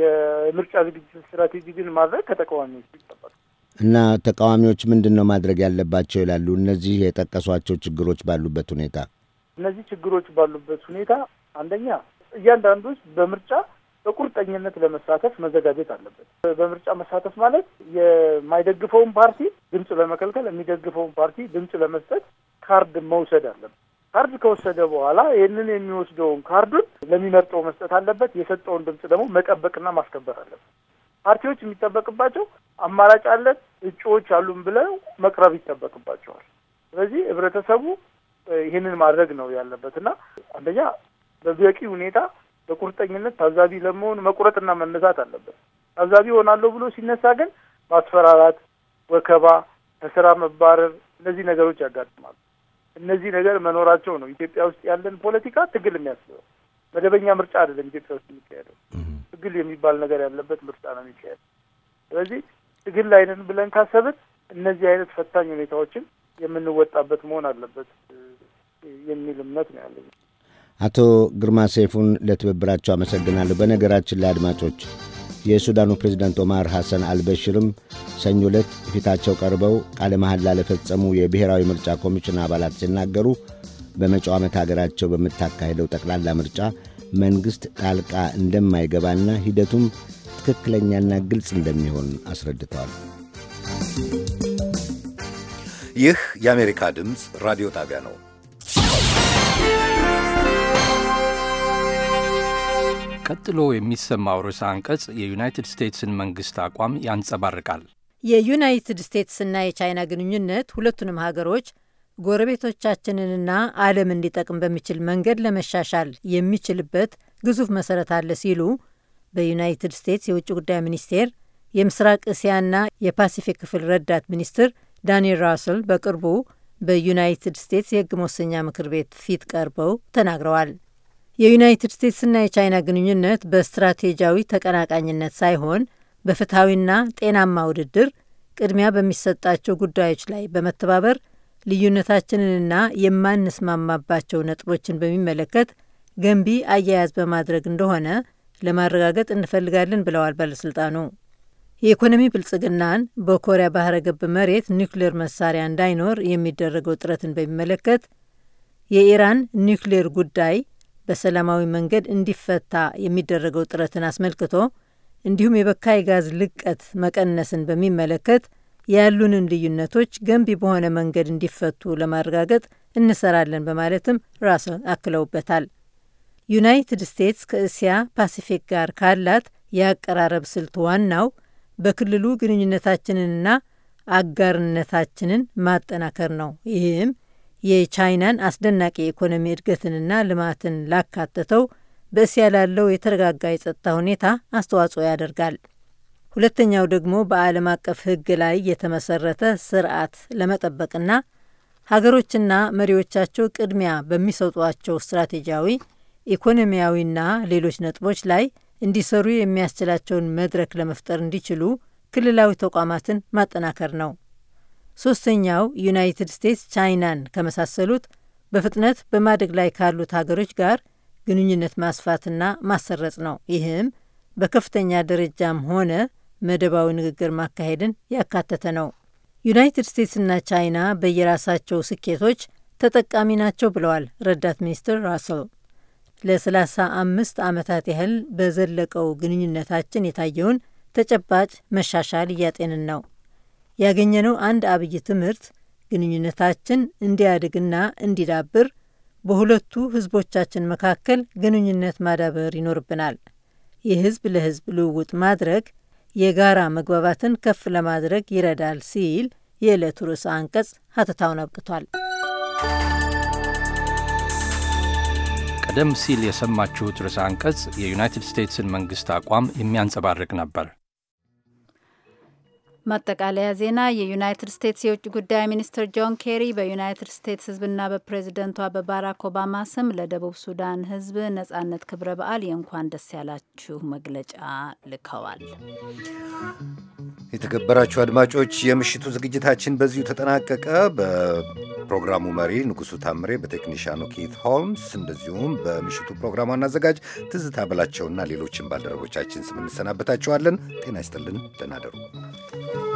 የምርጫ ዝግጅት ግን ማድረግ ከተቃዋሚዎች ይጠበቃል። እና ተቃዋሚዎች ምንድን ነው ማድረግ ያለባቸው ይላሉ? እነዚህ የጠቀሷቸው ችግሮች ባሉበት ሁኔታ እነዚህ ችግሮች ባሉበት ሁኔታ አንደኛ እያንዳንዱ በምርጫ በቁርጠኝነት ለመሳተፍ መዘጋጀት አለበት። በምርጫ መሳተፍ ማለት የማይደግፈውን ፓርቲ ድምፅ ለመከልከል የሚደግፈውን ፓርቲ ድምፅ ለመስጠት ካርድ መውሰድ አለበት። ካርድ ከወሰደ በኋላ ይህንን የሚወስደውን ካርዱን ለሚመርጠው መስጠት አለበት። የሰጠውን ድምፅ ደግሞ መጠበቅና ማስከበር አለበት። ፓርቲዎች የሚጠበቅባቸው አማራጭ አለን እጩዎች አሉን ብለው መቅረብ ይጠበቅባቸዋል። ስለዚህ ህብረተሰቡ ይህንን ማድረግ ነው ያለበት እና አንደኛ በበቂ ሁኔታ በቁርጠኝነት ታዛቢ ለመሆን መቁረጥና መነሳት አለበት። ታዛቢ ሆናለሁ ብሎ ሲነሳ ግን ማስፈራራት፣ ወከባ፣ ከስራ መባረር እነዚህ ነገሮች ያጋጥማሉ። እነዚህ ነገር መኖራቸው ነው ኢትዮጵያ ውስጥ ያለን ፖለቲካ ትግል የሚያስበው መደበኛ ምርጫ አይደለም። ኢትዮጵያ ውስጥ የሚካሄደው ትግል የሚባል ነገር ያለበት ምርጫ ነው የሚካሄደው። ስለዚህ ትግል ላይ ነን ብለን ካሰብን እነዚህ አይነት ፈታኝ ሁኔታዎችን የምንወጣበት መሆን አለበት የሚል እምነት ነው ያለኝ። አቶ ግርማ ሰይፉን ለትብብራቸው አመሰግናለሁ። በነገራችን ላይ አድማጮች የሱዳኑ ፕሬዝዳንት ኦማር ሐሰን አልበሽርም ሰኞ ዕለት ፊታቸው ቀርበው ቃለ መሐላ ለፈጸሙ የብሔራዊ ምርጫ ኮሚሽን አባላት ሲናገሩ በመጪው ዓመት አገራቸው በምታካሄደው ጠቅላላ ምርጫ መንግሥት ጣልቃ እንደማይገባና ሂደቱም ትክክለኛና ግልጽ እንደሚሆን አስረድተዋል። ይህ የአሜሪካ ድምፅ ራዲዮ ጣቢያ ነው። ቀጥሎ የሚሰማው ርዕሰ አንቀጽ የዩናይትድ ስቴትስን መንግስት አቋም ያንጸባርቃል። የዩናይትድ ስቴትስና የቻይና ግንኙነት ሁለቱንም ሀገሮች ጎረቤቶቻችንንና ዓለም እንዲጠቅም በሚችል መንገድ ለመሻሻል የሚችልበት ግዙፍ መሰረት አለ ሲሉ በዩናይትድ ስቴትስ የውጭ ጉዳይ ሚኒስቴር የምስራቅ እስያና የፓሲፊክ ክፍል ረዳት ሚኒስትር ዳንኤል ራስል በቅርቡ በዩናይትድ ስቴትስ የሕግ መወሰኛ ምክር ቤት ፊት ቀርበው ተናግረዋል። የዩናይትድ ስቴትስና የቻይና ግንኙነት በስትራቴጂያዊ ተቀናቃኝነት ሳይሆን በፍትሐዊና ጤናማ ውድድር ቅድሚያ በሚሰጣቸው ጉዳዮች ላይ በመተባበር ልዩነታችንንና የማንስማማባቸው ነጥቦችን በሚመለከት ገንቢ አያያዝ በማድረግ እንደሆነ ለማረጋገጥ እንፈልጋለን ብለዋል ባለሥልጣኑ። የኢኮኖሚ ብልጽግናን በኮሪያ ባህረ ገብ መሬት ኒውክሌር መሳሪያ እንዳይኖር የሚደረገው ጥረትን በሚመለከት የኢራን ኒውክሌር ጉዳይ በሰላማዊ መንገድ እንዲፈታ የሚደረገው ጥረትን አስመልክቶ እንዲሁም የበካይ ጋዝ ልቀት መቀነስን በሚመለከት ያሉንን ልዩነቶች ገንቢ በሆነ መንገድ እንዲፈቱ ለማረጋገጥ እንሰራለን በማለትም ራስ አክለውበታል። ዩናይትድ ስቴትስ ከእስያ ፓሲፊክ ጋር ካላት የአቀራረብ ስልት ዋናው በክልሉ ግንኙነታችንንና አጋርነታችንን ማጠናከር ነው። ይህም የቻይናን አስደናቂ የኢኮኖሚ እድገትንና ልማትን ላካተተው በእስያ ላለው የተረጋጋ የጸጥታ ሁኔታ አስተዋጽኦ ያደርጋል። ሁለተኛው ደግሞ በዓለም አቀፍ ሕግ ላይ የተመሰረተ ስርዓት ለመጠበቅና ሀገሮችና መሪዎቻቸው ቅድሚያ በሚሰጧቸው ስትራቴጂያዊ፣ ኢኮኖሚያዊና ሌሎች ነጥቦች ላይ እንዲሰሩ የሚያስችላቸውን መድረክ ለመፍጠር እንዲችሉ ክልላዊ ተቋማትን ማጠናከር ነው። ሶስተኛው ዩናይትድ ስቴትስ ቻይናን ከመሳሰሉት በፍጥነት በማደግ ላይ ካሉት ሀገሮች ጋር ግንኙነት ማስፋትና ማሰረጽ ነው። ይህም በከፍተኛ ደረጃም ሆነ መደባዊ ንግግር ማካሄድን ያካተተ ነው። ዩናይትድ ስቴትስና ቻይና በየራሳቸው ስኬቶች ተጠቃሚ ናቸው ብለዋል ረዳት ሚኒስትር ራስል። ለሰላሳ አምስት ዓመታት ያህል በዘለቀው ግንኙነታችን የታየውን ተጨባጭ መሻሻል እያጤንን ነው። ያገኘነው አንድ አብይ ትምህርት ግንኙነታችን እንዲያድግና እንዲዳብር በሁለቱ ህዝቦቻችን መካከል ግንኙነት ማዳበር ይኖርብናል። የህዝብ ለህዝብ ልውውጥ ማድረግ የጋራ መግባባትን ከፍ ለማድረግ ይረዳል ሲል የዕለቱ ርዕሰ አንቀጽ ሀተታውን አብቅቷል። ቀደም ሲል የሰማችሁት ርዕሰ አንቀጽ የዩናይትድ ስቴትስን መንግሥት አቋም የሚያንጸባርቅ ነበር። ማጠቃለያ ዜና። የዩናይትድ ስቴትስ የውጭ ጉዳይ ሚኒስትር ጆን ኬሪ በዩናይትድ ስቴትስ ሕዝብና በፕሬዝደንቷ በባራክ ኦባማ ስም ለደቡብ ሱዳን ሕዝብ ነጻነት ክብረ በዓል የእንኳን ደስ ያላችሁ መግለጫ ልከዋል። የተከበራችሁ አድማጮች የምሽቱ ዝግጅታችን በዚሁ ተጠናቀቀ። በፕሮግራሙ መሪ ንጉሱ ታምሬ፣ በቴክኒሻኑ ኬት ሆልምስ፣ እንደዚሁም በምሽቱ ፕሮግራሙ አዘጋጅ ትዝታ በላቸውና ሌሎችን ባልደረቦቻችን ስም እንሰናበታችኋለን። ጤና ይስጥልን። ደህና ደሩ።